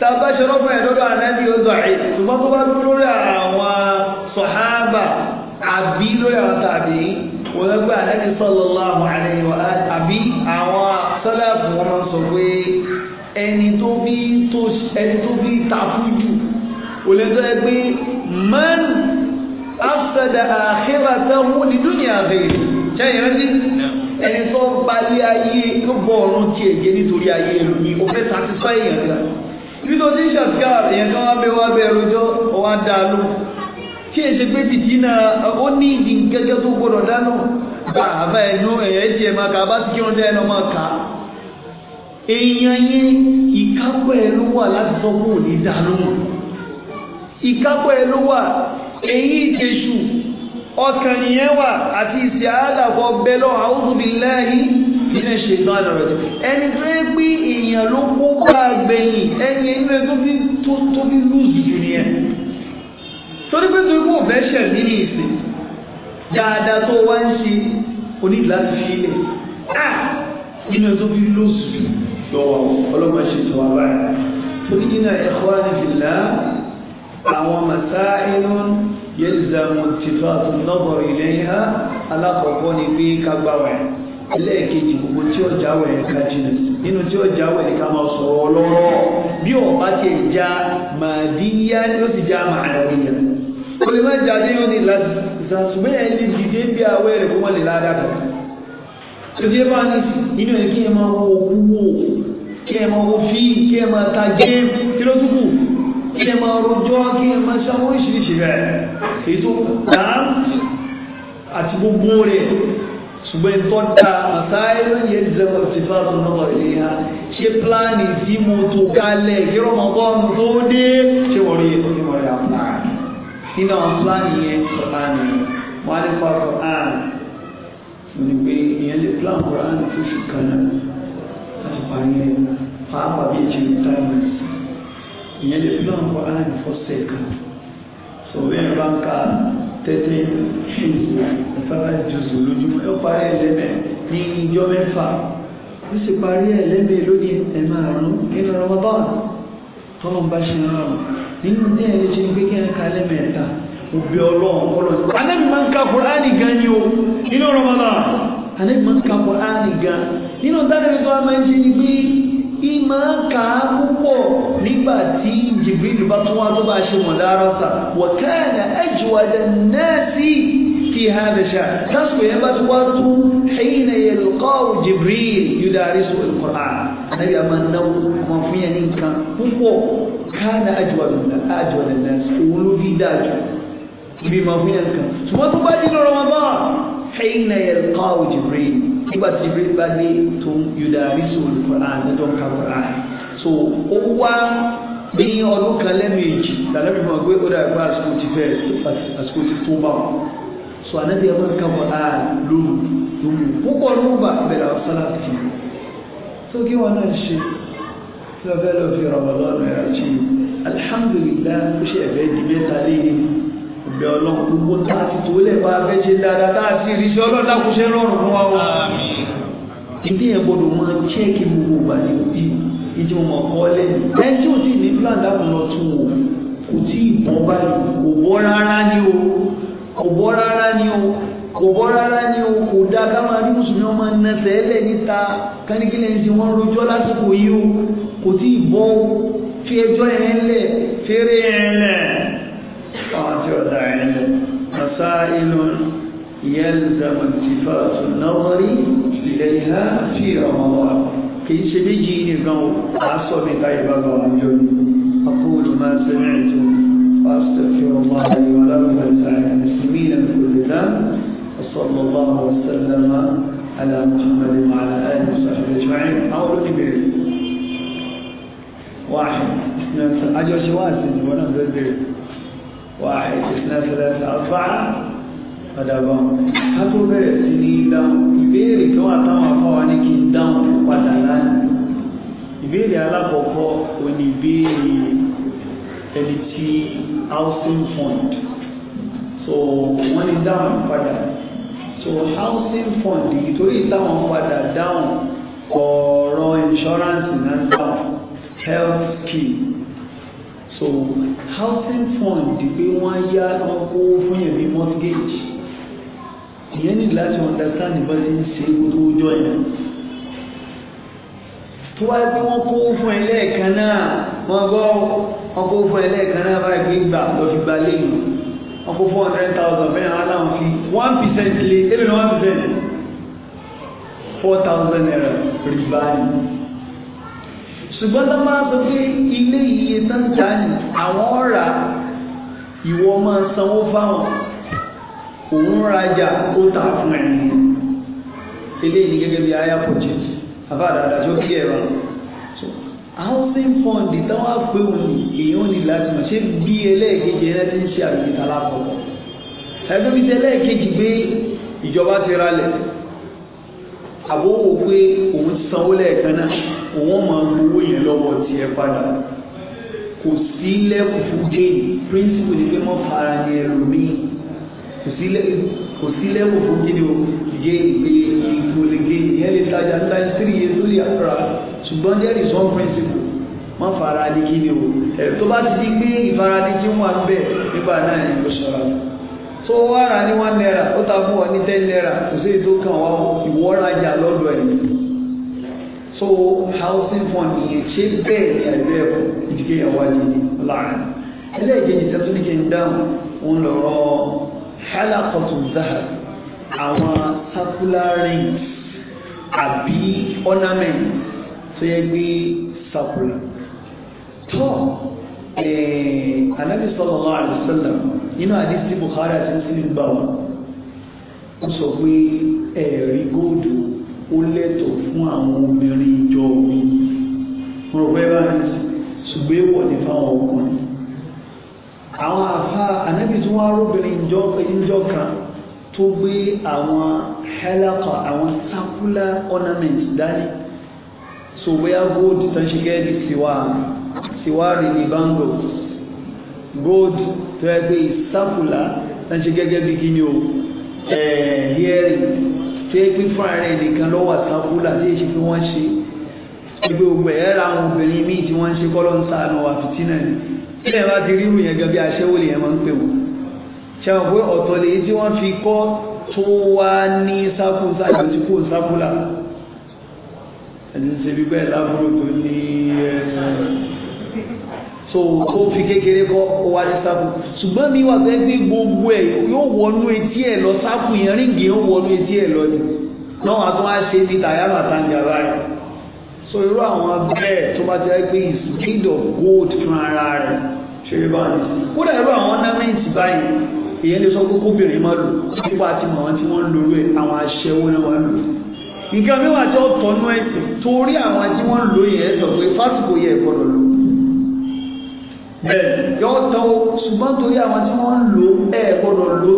tàbá ṣọ́rọ́ fún ẹ̀dọ́dọ̀ ànábì ó dọ̀ẹ́ ṣùgbọ́n tó bá dúró lórí àwọn sọ̀hábà àbí lórí àwọn tàbí wọ́n gbé ànábì sallallahu alaihi wa ẹni tó bí takú olùdó ẹgbẹ́ man afẹ́dà àkírà tẹ́wọ́ ní dúnìá rẹ̀ ṣẹ́yìn rántí ẹni tó balẹ̀ ayé tó bọ̀ ọ̀run tí èjé nítorí ayé ẹ̀rù ni ó fẹ́ satisfy èèyàn kan ibi tó ti ń ṣàfihà èèyàn kan wá bẹ́ẹ̀ wá bẹ́ẹ̀ rojọ́ ọwá dá a lò kí èsì pé bìtì náà ó ní ìdí gẹ́gẹ́ tó gbọdọ̀ dáná gbà àbá ẹnu ẹ̀yẹ́ tiẹ̀ máa kà bá ti kírun dá ẹnu máa kà á èèyàn yẹn ìkápẹ́ ẹ ló wà láti sọ fún òní dá ìkápọ̀ ẹ ló wà èyí ìtẹ̀sù ọkàn nìyẹn wà àti ìsẹ̀ àádàfọ́ bẹ́lọ́ a'udhu billahi minash shaitanir rajim ẹni tó yẹ pé èèyàn ló kó bá gbẹ̀yìn ẹni inú ẹ tó fi tó fi lùzù jù nìyẹn torí pé torí kò fẹ́ ṣẹ̀ mí ní ìsìn dáadáa tó wá ń ṣe oníláti fi ilẹ̀ ah inú tó fi lùzù jù lọ́wọ́ ọlọ́mọ ṣètò àbáyé torí nínú ẹ̀kọ́ àdìgbìlá àwọn masáìlú yẹlẹmú tìfàtù nọbọrọ ìlẹyìn alákọ̀ọ́kọ́ ni pé ká gbà wẹ̀ ẹlẹ́ẹ̀kejì gbogbo tí ọjà wẹ̀ ká jìnnà nínú tí ọjà wẹ̀ ni ká máa sọ̀rọ̀ lọ́rọ̀ bí ọba ti ẹ̀ já màdíyá ló ti já màdíyá ó lè má jáde yóò ní ìsàsùgbẹ́ ẹ̀ lè dìde bí awẹ́ rẹ̀ kó wọ́n lè ládàá tòtí ẹ bá ní inú ẹ̀ kí ẹ máa wọ owó kí ẹ máa wọ fíì kí ẹ máa ta géèmù kí ló tún kí ẹ máa rojọ́ kí ẹ máa ṣe àwọn oríṣiríṣi rẹ̀ èyí tó dá àti gbogbo rẹ̀ ṣùgbọ́n ìtọ́ da àtàyẹ̀wò yẹn zẹ́wọ̀ sí fáwọn náà rẹ̀ yá ṣé pílánì tí mo tó kalẹ̀ kí Ramadan tó dé ṣé wọ́n rí ètò ìmọ̀ rẹ̀ àpáàní nínú àwọn pílánì yẹn pílánì wọn á lè fa Kùránì ní pé ìyẹn lè pílánì Kùránì fún ṣùkànnà láti parí ẹ̀ pàápàá bí ìjìnlẹ̀ táìmù sí ìyẹn lè fi lọ́nà kọ́ láàrin fọ́sẹ̀ kan so bẹ́ẹ̀ bá ń ka tẹ́tẹ́ ṣíìsì ìfẹ́fẹ́ jùsù lójúmọ́ yóò parí ẹlẹ́mẹ̀ ní ìjọ mẹ́fà ó sì parí ẹlẹ́mẹ̀ lónìí ẹ̀mà àrùn nínú Ramadan tọ́lọ̀ bá ṣe rán nínú ní ẹni ṣe ń gbé kí ẹ̀ka lẹ́mẹ̀ẹ́ta òbí ọlọ́run kọ́lọ̀ sí. anẹ́bí máa ń ka Kùránì gan ni o nínú Ramadan anẹ́bí máa ń ka Kùránì gan nínú dáadáa tó a máa ìmọ̀ ká púpọ̀ nígbà tí jìbìlì bá tún wá tó bá ṣe wọ̀n lárọ́ta wọ̀kẹ́ẹ̀nà ẹjùwàdà náà sí fi hàdà ṣá lásìkò yẹn bá ti wá tó ṣẹ́yìnà yẹ lọ́kọ́ jìbìlì yúdarí sọ ìkọ̀rá ànábì àmà náà wọn fún yẹn ní nǹkan púpọ̀ kánà ẹjùwàdà náà sí òun ló fi dájú ibi máa fún yẹn nǹkan ṣùgbọ́n tó bá dín lọ́rọ̀ nígbà tí Jibril bá dé tó yudari sóòlù Qur'an nítorí wọn ka so ó wá bí ọdún kan lẹ́ẹ̀mejì lànàbí fún wa pé ó dà pé àsìkò ti fẹ́ àsìkò ti tó bá wọn so ànábì ẹ̀ máa ka Qur'an lóru lóru púpọ̀ lóru bá bẹ̀rẹ̀ àwọn sálà fi tó kí wọn náà ṣe lọ́bẹ̀ lọ́ọ́ fi Ramadan ẹ̀ àti alhamdulillah ó ṣe ẹ̀fẹ́ di mẹ́ta bẹ ọlọ́run gbogbo tá a ti tó lẹ̀ bá a fẹ́ ṣe dáadáa tá a ti rí iṣẹ́ ọlọ́run dákúnṣe rọrùn fún wa o. ìdí yẹn gbọdọ̀ máa ṣẹ́ẹ̀kì gbogbo ìgbà ní bí ìdí wọn máa kọ́ lẹ́yìn. ẹni tí ò sì ní plan dákun lọ tún wò kò tí ì bọ́ báyìí kò bọ́ rárá ni o kò bọ́ rárá ni o kò bọ́ rárá ni o kò dáa ká máa rí mùsùlùmí ọmọ nẹsẹ̀ ẹlẹ́ níta kánikílẹ̀ ń ṣe wọ́n rojọ́ lásìkò yìí o kò tí ì bọ́ o fi ẹjọ́ yẹn lẹ̀ fẹ́rẹ́ yẹn lẹ̀. الشريعة والعلم مسائل يلزم التفات النظر إليها في رمضان كي سبجي نقو عصب طيب الرجل أقول ما سمعت وأستغفر الله لي ولكم ولسائر المسلمين من كل ذنب وصلى الله وسلم على محمد وعلى آله وصحبه أجمعين أو رجل واحد أجر شواسد ونبذل واحد اثنان ثلاثة أربعة فدابون هاتو بيري سيني داون بيري كوا تاوا فواني كي داون وطالان ìbéèrè alákọ̀ọ́kọ́ ó ní ìbéèrè ẹni tí housing fund so wọ́n ní dáhùn padà so housing fund nítorí táwọn padà down ọ̀rọ̀ insurance náà dáhùn health scheme so housing fund di pé wọ́n yá wọn kó fún yẹn bí mortgage ìyẹn ní láti understand bá ti ń ṣe kó tó jọ yẹn tó wáyé pé wọ́n kó fún ẹ lẹ́ẹ̀kan náà wọ́n gbọ́ wọ́n kó fún ẹ lẹ́ẹ̀kan náà báyìí pé gbà lọ́ọ́ fi léyìn wọ́n kó four hundred thousand bẹ́ẹ̀ ara wọn fi one percent lé ebe ní one percent four thousand naira rìbá ni ṣùgbọ́n tó máa sọ pé ilé iye tánjà ni àwọn ọ̀rà ìwọ máa sanwó fáwọn òun rajà ó tà fún ẹni eléyìí gẹ́gẹ́ bí aya project àbáàdàdà tó kí ẹ̀rọ housing fund táwọn àpéwò ni èèyàn ní láti mọ̀ ṣé bí ẹlẹ́ẹ̀kejì ẹ̀rẹ́ ti ń ṣe àbíkítà lápapọ̀ ẹgbẹ́ bíi tẹ́lẹ̀kejì gbé ìjọba ti ralẹ̀ àbó wò pé òun sanwó lẹ́ẹ̀kan náà òun máa gbowó yẹn lọ́wọ́ tiẹ̀ padà kò sí lẹ́kùfù gain principle ni pé wọ́n fara ní ẹlòmíì kò sí lẹ́kùfù gidi o gain pé ìgbòlè gain yẹn lè tajà ní times three years lórí àkàrà ṣùgbọ́n there is one principle wọ́n fara ní gidi o tó bá ti di pé ìfaradí tí wọ́n á bẹ̀ nígbà náà ni ó ṣọ́ra. So wá rà ní one naira ó ta fún ọ ní ten naira kò sí ètò kan wá ìwọ rajà lọ́dọ̀ ẹ̀ so housing fund yẹn ṣe bẹ́ẹ̀ ní àgbẹ̀ ẹ̀kọ́ ìdíkẹ́ ìyàwó ni láàrin ẹlẹ́ẹ̀kejì tẹ́tù ní kí n dáhùn òun lọ́rọ̀ halakọ̀tù zahab àwọn circular rings àbí ornament tó yẹ gbé circular tọ́ọ̀ anabi sallallahu alaihi wasallam nínú àdísí Bukhari àti Muslim gbà wọn ó sọ pé ẹ̀rí góòdù ó lẹ́tọ̀ fún àwọn obìnrin ìjọ mi wọn rẹ bá ní ṣùgbọ́n èèwọ̀ ní fáwọn ọkùnrin àwọn àfa anabi tí wọn arúbìnrin ìjọ kan tó gbé àwọn hẹlẹkọ àwọn circular ornaments dání so bóyá góòdù tán ṣe gẹ́ẹ́dì sí wa ṣìwárì ní bango gold tó yẹ pé ìsáfùlà náà ṣe gẹ́gẹ́ bí kíni o hearing tó yẹ pé fún ààrẹ nìkan lọ́wọ́ àsáfùlà tí èṣì fi wọ́n ṣe gbogbo ògbẹ̀ ẹ̀rọ àwọn obìnrin míì tí wọ́n ń ṣe kọ́lọ́ ń sáànù àfìtínà ni ilẹ̀ bá ti ríru yẹn gẹ́gẹ́ bí aṣẹ́wó lè yẹn máa ń pè wọ́n ṣàwọn pé ọ̀tọ̀ lè tí wọ́n fi kọ́ tó wá ní sáfùsá ìlú tí kò sáfùlà ẹni ṣe bí bẹ́ẹ̀ so o fi kékeré kọ́ o wá ní sáfù ṣùgbọ́n mi wà fẹ́ gbé gbogbo ẹ̀ yóò wọnú etí ẹ̀ lọ sáfù yẹn ríǹgì yóò wọnú etí ẹ̀ lọ ni náà wàá tó wá ṣe ti tàyàrà tàǹgà báyìí so irú àwọn bẹ́ẹ̀ tó bá jẹ́ pé is kind gold fún ara rẹ̀ ṣe é bá ní kódà irú àwọn ornament báyìí èyàn lè sọ pé kóbìnrin máa lò nípa àti màwọn tí wọ́n ń lò rẹ̀ àwọn aṣẹ́wó náà wọ́n lò nǹkan mẹ́wàá jẹ́ ọ̀tọ̀nú ẹ̀sìn torí àwọn tí wọ́n ń lò yẹn sọ pé fásitì kò yẹ ẹ̀kọ́ lọ lò bẹ́ẹ̀ yọ tán o ṣùgbọ́n torí àwọn tí wọ́n ń lò ẹ̀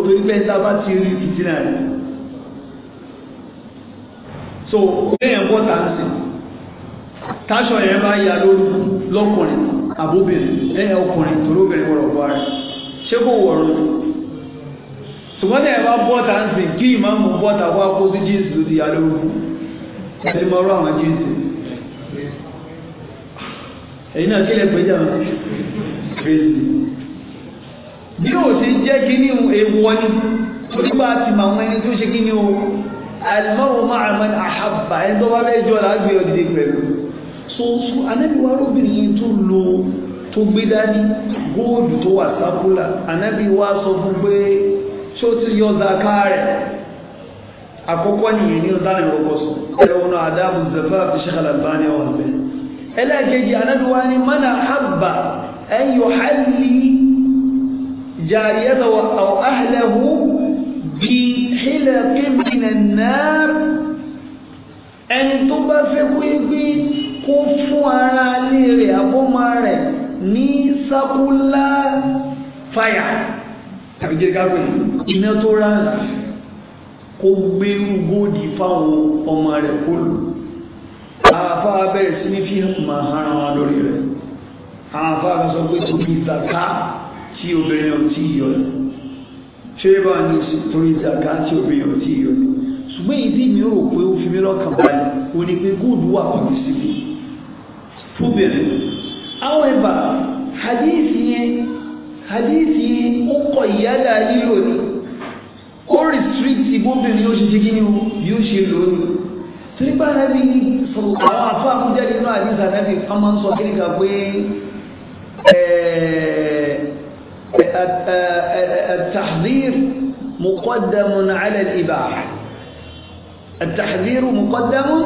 torí pé tá a bá ti so lẹ́yìn bọ́ tá a táṣọ yẹn bá ya lórí lọ́kùnrin àbóbìnrin lẹ́yìn ọkùnrin torí obìnrin wọ̀rọ̀ bọ́ ṣé kò wọ̀rọ̀ ṣùgbọ́n lẹ́yìn bá bọ́ tá a sìn kí ìmáàmù crazy bí o ṣe jẹ́ kí ni èèwọ̀ ni onígbà ti mọ àwọn ẹni tó ṣe kí ni o alimọ́wò máa mọ àhàbà ẹni tó bá bẹ́ẹ̀ jọ lágbé ọdídé pẹ̀lú so so anábì wa lóbìnrin tó lo tó gbé dání góòlù tó wà sápúlà anábì wa sọ fún pé ṣé ó ti yọ zaka rẹ̀ àkọ́kọ́ nìyẹn ní ọ̀dá ni ọkọ̀ sọ ẹ̀rọ náà adáàbò zẹ̀fà àti ṣẹ́kàlà bá ní ọ̀hún bẹ́ẹ̀ ẹlẹ́ẹ̀kejì anábì wa ni mọ́nà àhàbà أن يحلي جاريته أو أهله بحلق من النار ẹni tó bá fẹ́ kó gbé kó fún ara ilé rẹ̀ àbọ́mọ rẹ̀ ní sákúlá fàyà tàbí jẹ́ ká pè iná tó rárá kó gbé góòdì fáwọn ọmọ rẹ̀ kó lò àáfàá bẹ̀rẹ̀ sí ní fi hàn máa hàn án lórí rẹ̀ àwọn afáàfin sọ pé torí zaka tí obìnrin ò tí yọ ni ṣé bá ní torí zaka tí obìnrin ò tí yọ ni ṣùgbọ́n ìdí mi rò pé ó fi mí lọ́kàn balẹ̀ ò ní pé góòlù wà pàmì síbi fúbìrin however hadith yẹn hadith yẹn ó kọ ìyálà lílo ni ó restrict bóbìnrin ó ṣe ṣe kí ni yóò ṣe lónìí torí bá nàbí sọ̀rọ̀ àwọn afáàfin jáde náà àdìsá nàbí ọmọ ń sọ kí ni kà pé. التحذير مقدم على الإباحة التحذير مقدم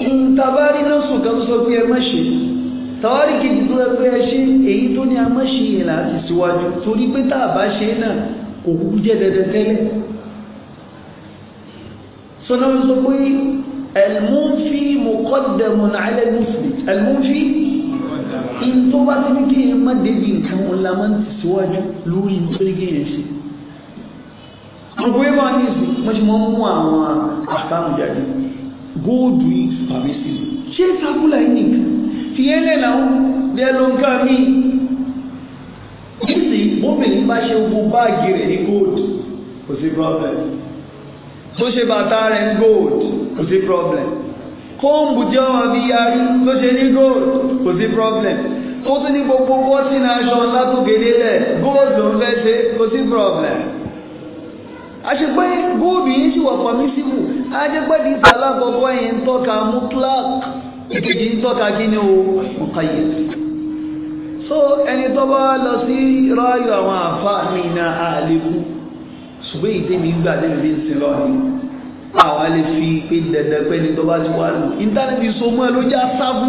انتظار نفسه كان صوت يمشي تاري كي يا شيخ اي دنيا ماشي لا سوى تولي بتا باشينا وكوجا دتل سنه المنفي مقدم على المثبت المنفي in tó bá ti ní kéèyàn má débi nǹkan wọn la máa ń tẹ̀síwájú lórí nítorí kéèyàn ṣe gbogbo yẹn máa ní ìsìn wọ́n ti máa ń mú àwọn àtàwọn jáde góòdù ìpàmẹ́sì ṣé sákúlà yìí nìkan ti yẹn lẹ́la ó bí ẹ ló ń ká mí ìsìn bóbìnrin bá ṣe gbogbo báàgì rẹ̀ ní góòdù kò sí problem tó ṣe bàtà rẹ̀ ní góòdù kò sí problem kóòmù jẹ́ ọmọ bíi yarí tó ṣe ní góòdù kò sí problem ó tún ní gbogbo bọ́tìn aṣọ látòkèdè lẹ̀ góòlù ń fẹ́ ṣe kò sí problem àṣepẹ́ góòlù yìí ṣì wà pàmísìkù àṣepẹ́ di sàlá àkọ́kọ́ ń tọ́ka mutlak ìkejì ń tọ́ka kí ni o mọ̀kàyè so ẹni tó bá lọ sí ráyọ àwọn àfa mi na àlékún ṣùgbọ́n èyí tẹ́mi gbà débi bí ń sin lọ́ọ̀ni àwa lè fi pé dandan pé ẹni tó bá ti wá lò íńtánẹ́ẹ̀tì so mọ́ ẹ ló já sábò.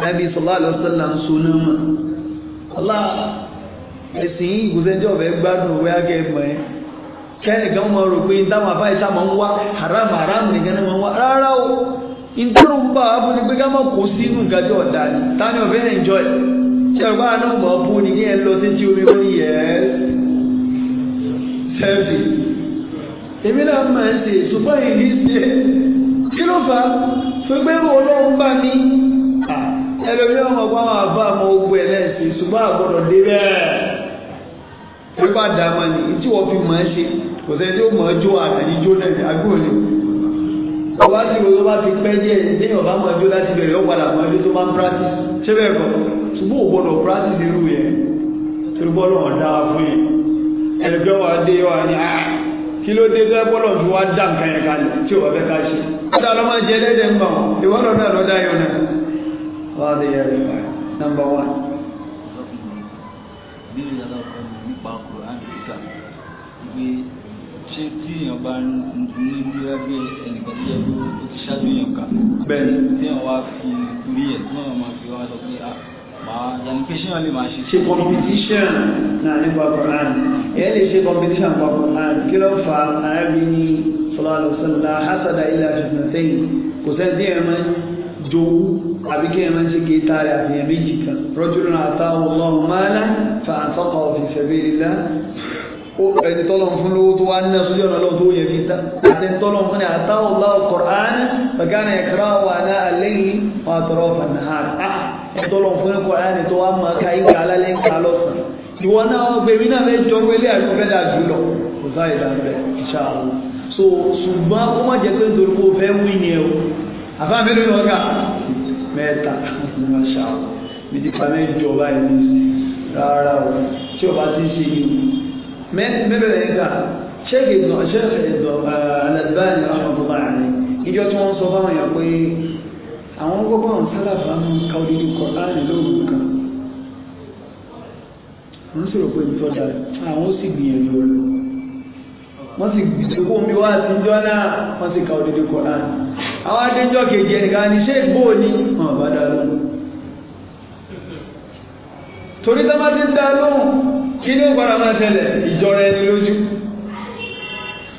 nàbí sallallahu alaihi wasallam ń so náà mọ̀ ọlá ẹ̀sìn gbádùn òwe akẹ́ mọ̀ ẹ́ kẹ́nìkan mọ̀ rò pé táwọn afá ìta máa ń wá haram haram nìkan ni wọ́n wá rárá o ń bá wa fún ni pé ká má kó sínú ọ̀dà ni ọ̀fẹ́ náà mọ̀ fún ni ní ẹ lọ sí ti omi yẹ èmi ẹlòmí ọmọ bá wọn àbá àmọ́ ogun ẹlẹ́sìn ṣùgbọ́n àgbọ̀dọ̀ dé bẹ́ẹ̀ pípa dàmà ní tí wọ́n fi mọ̀ ẹ́ ṣe kò sẹ́ni tí ó mọ̀ ẹ́ jó àtẹ̀yíjó náà agbóhùn ọba tí wo bá ti pẹ́ díẹ̀ ní ọba mọ̀ ẹjọ́ láti bẹ̀rẹ̀ ó padà mọ̀ ẹjọ́ tó máa ń practice ṣé bẹ́ẹ̀ kọ́ ṣùgbọ́n ò gbọ́dọ̀ practice irú yẹn torí bọ́ọ̀lù wọn dára fún yẹn ẹ̀rọ̀jọ́ wa dé wa ní à ah, kí ló dé bẹ́ẹ̀ bọ́ọ̀lù fi wá dá nǹkan yẹn kalẹ̀ tí ò dá lọ́mọ jẹ́ lẹ́dẹ̀ẹ́ Lọ́dí ẹ̀rí wa. Nọ́mbà wán. Ìbéèrè alákọ̀ọ́ nípa Kùrán kíkà. Ìgbé ṣé tí èèyàn bá ní bí ẹgbẹ́ ẹnìkan tí ẹgbẹ́ ó ti ṣáájú èèyàn kà. Bẹ́ẹ̀ni. Tí èèyàn wá fi torí ẹ̀ tí wọ́n máa fi wá sọ pé a máa yàní pé ṣé wọ́n lè máa ṣe. Ṣé competition náà nípa Kùrán? Ẹ lè ṣe competition nípa Kùrán. Kí ló fà á? Àyàbí ni Sọlá Alùsọ̀lá Hásàdà Ilé Àṣùnà sẹ́yìn. Kò sẹ́ni tí èèyàn máa jowú àbí kí ẹran ṣe kéta rẹ̀ àfihàn méjì kan rọ́júrò náà àtàwọn ọlọ́run máa ná fa àtọ́kọ̀ òfin sabilillah ẹni tọ́lọ̀ fún lówó tó wá nínú sójú ọ̀nà lọ́wọ́ tó yẹ fi ta àti tọ́lọ̀ fún ní àtàwọn ọlọ́run kọ̀rán bàgánà ẹ̀kọ́rọ̀ wà ní àlẹ́yìn wà tọ̀rọ̀ fàmì hàn ẹni tọ́lọ̀ fún ní kọ̀rán tó wá máa ka ìgbà alálẹ́ ń ka àbá mi lóyún ọgá mẹ́ta ọṣà mi ti pa mẹ́jọ báyìí rárá o tí o bá ti ṣe yìí mẹ́bẹ̀rẹ̀ ẹ̀ka ṣẹ́ẹ̀kì ìdùn ṣẹ́ẹ̀kì ìdùn alàdìbáyìí ọ̀hún ìjọ tí wọ́n sọ fáwọn èèyàn pé àwọn gbogbo àwọn sálàfà ń ka odidi kọ láàrin lóòrùn kan wọ́n sì rò pé ìtọ́jà àwọn sì gbìyànjú rẹ̀ wọ́n sì gbìyànjú omi wá àtijọ́ náà wọ́n sì ka odidi kọ láàrin àwọn adéjọ́ kejì ẹnìkan ní ṣé ìbò ní hàn bá dá lóhùn torí tọ́mọ́ ti ń dá lóhùn kí ní ìpara máa ṣẹlẹ̀ ìjọra ẹni lójú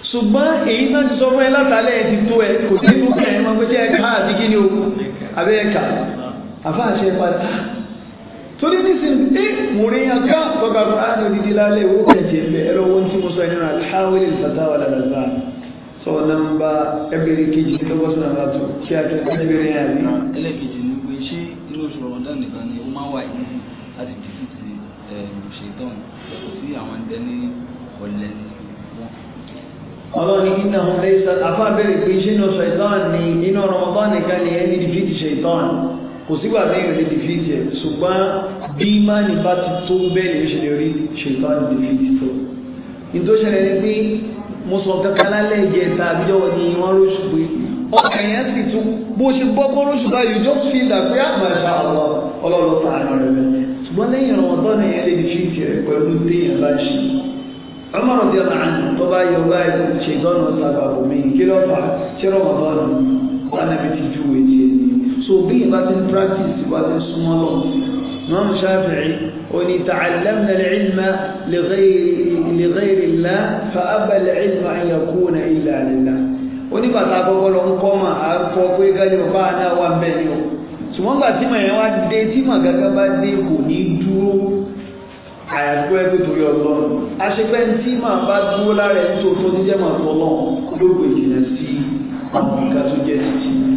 ṣùgbọ́n èyí náà ti sọ fún ẹ látàlẹ́ ẹ ti tó ẹ kò sí inú kẹ́ ẹ máa pé jẹ́ ẹ̀ka àti kí ni o abẹ́ ẹ̀ka àfáàṣẹ padà torí nísìnyí ẹ mò rí yan ká bàbá àánú dídí lálẹ́ ìwé kẹ̀jẹ̀ ẹ̀rọ wọn tí mo sọ ẹ̀ nínú àlùfáà sọ nọ́mbà ẹbẹrẹ kejì tó bọ sọ nọ́mbà tó ṣé àjọ ẹbẹrẹ yẹn àbí. ẹlẹ́kejì ni pé ṣé inú oṣù rọmọdán nìkan ni ó máa wà yìí láti dìfìtì eh, ṣètàn yàtọ̀ sí àwọn ẹgbẹ́ ní ọ̀lẹ́ wọn. ọlọ́ni iná wọn lè sọ afá bẹ̀rẹ̀ pé ṣé inú ṣètàn ni inú rọmọdán nìkan ni ẹni dìfìtì ṣètàn kò sígbà bẹ́ẹ̀ lè dìfìtì ẹ̀ ṣùgbọ́n bí mánì bá ti tó bẹ́ẹ̀ lè ṣe lè rí ṣètàn dìfìtì tó. ìtòṣẹlẹ̀ ni pé mo sọ kankan lálẹ́ ìjẹta àbíjọ́ ni wọ́n róṣù pé ọkàn yẹn sì tún bó ṣe gbọ́ pé róṣù báyìí you just feel that pé àmàṣà ah, ọlọ́run sàánú rẹ̀ bẹ́ẹ̀ ṣùgbọ́n lẹ́yìn ọ̀dọ́ ni ẹ lè fi tìrẹ̀ pẹ̀lú téèyàn bá ṣe ọmọ ọ̀dẹ́ ọ̀nà tó bá yọ báyìí ṣègbọ́n ọ̀sán àbàbò mi kí ló fà ṣé ọ̀dọ́ so bí ìbá ti practice ìbá ti ń súnmọ́ lọ náà ń وني تعلمنا العلم لغير لغير الله فأبى العلم أن يكون إلا لله وني بتاكو كلون كوما أفوكو يكالي وفانا وامبنيو ṣùgbọ́n gbà tí màá yẹn wá dé tí màá gàgà bá dé kò ní dúró àyàgbọ́ ẹgbẹ́ torí ọlọ́run àṣepẹ́ tí màá bá dúró lára ẹ̀ tó tó ní jẹ́ màá fọlọ́run ló gbèjìnà sí àwọn nǹkan tó jẹ́ títí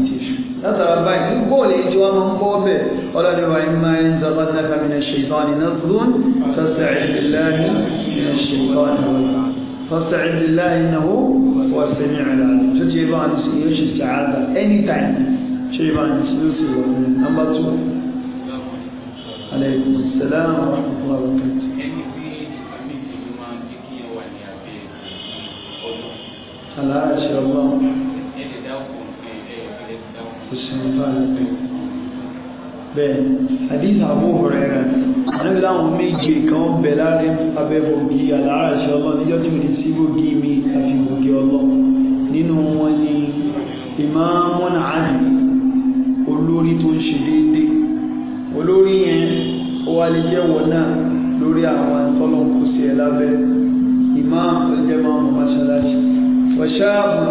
látara báyìí ń bóòlù ìjọ ọmọ ń bọ́ bẹ̀ ọlọ́dún wa ń máa ń zọlọ́ náà mi náà ṣètọ́ ni náà fún sọ́sẹ̀ ìdíláàrí náà ṣètọ́ ni wọ́n sọ́sẹ̀ ìdíláàrí náà wọ́n sẹ́mi ìrìnà tó ti bá ń sí yóò ṣe ṣàádà anytime ṣe bá ń sí yóò sì wọ́n ní nọ́mbà tó alaykum salaam wa rahmatullahi wa barakatuh. aláàṣẹ ọlọ́run bẹ́ẹ̀ àdíjà àbúhù rẹ̀ rẹ̀ àníbí láwọn méje kan bẹ̀ láàrin abẹ́bògì àlàáṣẹ́ ọlọ́ níjọ́ tí mìí sí bògì mi àfi bògì ọlọ́ nínú wọn ni ìmáàmọ́nà àdì olórí tó ń ṣe déédé olórí yẹn ó wá lè jẹ́ wọ́n náà lórí àwọn tọ́lọ́kù sí ẹ lábẹ́ ìmáàmù ẹjẹ́ máa mọ̀ máṣáláṣí wọ́ṣáàbù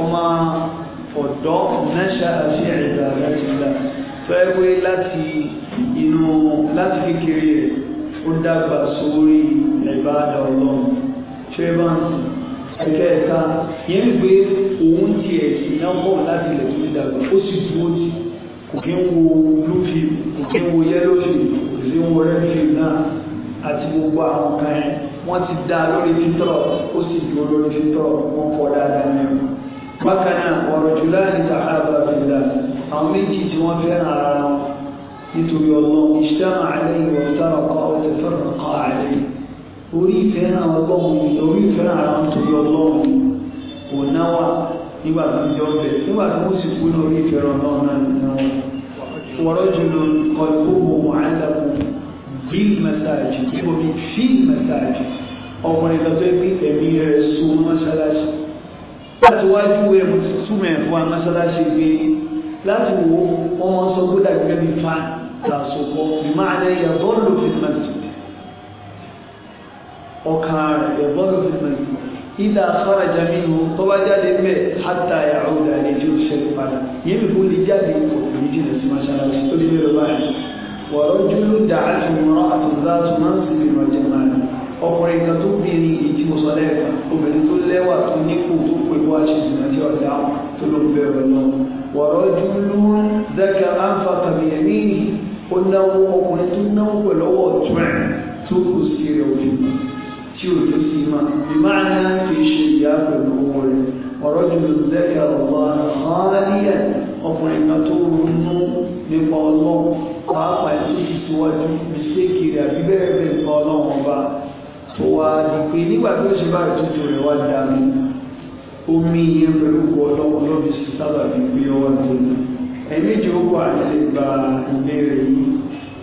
ọmọ ọ̀dọ́ nẹ́ṣà àti ẹ̀dà láti ìlà fẹ́wé láti inú láti kékeré rẹ̀ ó dàgbà sórí ẹ̀bá ọlọ́run trevance ẹ̀kẹ́ẹ̀ta yẹn ń gbé òun ti ẹ̀sìn náà bọ̀ láti ilẹ̀ tó dàgbà ó sì dúró tì kò kí ń wo blue film kò kí ń wo yellow film kò sí ń wo red film náà àti gbogbo àwọn kan yẹn wọ́n ti dá lórí fítọ̀ ó sì dúró lórí fítọ̀ wọ́n kọ́ dáadáa mẹ́rin bákan náà ọ̀rọ̀ jùlá ní sàhábà bìlá àwọn méjì tí wọ́n fẹ́ràn ara wọn nítorí ọlọ́run ìṣẹ́mà àlẹ́yìn wọ̀tára kọ́ ọ̀tẹ̀ fẹ́ràn kọ́ àlẹ́yìn orí ìfẹ́ràn ọlọ́run orí ìfẹ́ràn ara wọn nítorí ọlọ́run kò náwà nígbà tó ń jọ bẹ̀ nígbà tó ń sì kúrò orí ìfẹ́ràn ọlọ́run náà nínú wọn wọ́rọ́ jùlọ kọ́ ìkókò wọn àdàkùn bíl mẹ́sáàjì kí omi fíl mẹ́sáàjì ọkùnrin lọ́jọ́ pé ẹ̀mí rẹ̀ so mọ́ṣáláṣí láti wájú ẹ̀ súnmọ̀ ẹ̀fọ́ amásáláṣí gbé láti wo wọ́n máa sọ gbọ́dọ̀ gẹ́gẹ́ bí fa làṣọkọ ìmọ̀ àlẹ́ yàtọ̀ ló fi máa jù ọkàn rẹ̀ yàtọ̀ ló fi máa jù ìdá afárá jamiu tó bá jáde mẹ́ hàtà yàrá òdà àlejò ṣẹlẹ̀ padà yẹ́n kò lè jáde kò ní jìnnà sí masáláṣí tó lè lè lọ báyìí wọ̀rọ̀ jùlọ dàá tó mọ́ àtúntà tó máa ń ọkùnrin kan tó bìnrin ìdí mọ̀sán lẹ́ẹ̀kan obìnrin tó lẹ́wà tó nípò tó pè bó àṣìṣe náà tí ọ̀dà tó ló ń bẹ̀rẹ̀ lọ. wọ̀rọ̀ dúró dákẹ́ àǹfà kàmìyẹ̀mí ó náwó ọkùnrin tó náwó pẹ̀lú ọwọ́ ọ̀tún ẹ̀ tó kù sí rẹ̀ òfin tí ò tó sì máa bí máa fi ṣe ìyá pẹ̀lú owó rẹ̀ wọ̀rọ̀ dúró dákẹ́ ọkùnrin kan ọlọ́run ọlọ́run tó wá di pé nígbà tó ṣe bá ìtújú rẹ̀ wá dá mi omi yẹn pẹ̀lú kọ ọlọ́wọ́ lọ́bi sí sábà fi gbé ọwọ́ tó ní ẹ̀mẹ́jì ó wà nílé gba ilé rẹ̀ yìí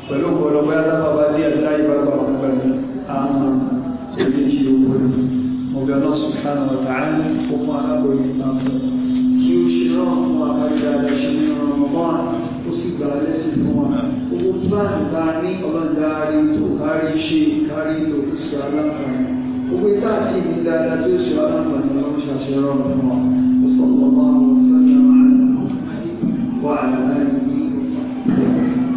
pẹ̀lú kọ ọlọ́wọ́ yàtọ̀ bá dé àti láyé bá gbà wọn pẹ̀lú àwọn owó rẹ̀ ọ̀gá náà sùn sáà náà tàà ní fún aláboyún náà kí ó ṣe náà fún àkàrí dáadáa ṣe ní ọ̀rọ̀ mọ́ gba lẹ́sìn fún wa gbogbo plan ta ní ọlọ́darí tó kárí ṣe kárí tó kó sí aláǹfààní gbogbo ìta àti ìlú dáadáa tó ṣe aláǹfààní ọlọ́run ṣàṣẹ rọrùn fún wa ó sọ ọlọ́run ọ̀sán ní ọmọ àná wà á láyé ní ọ̀sán.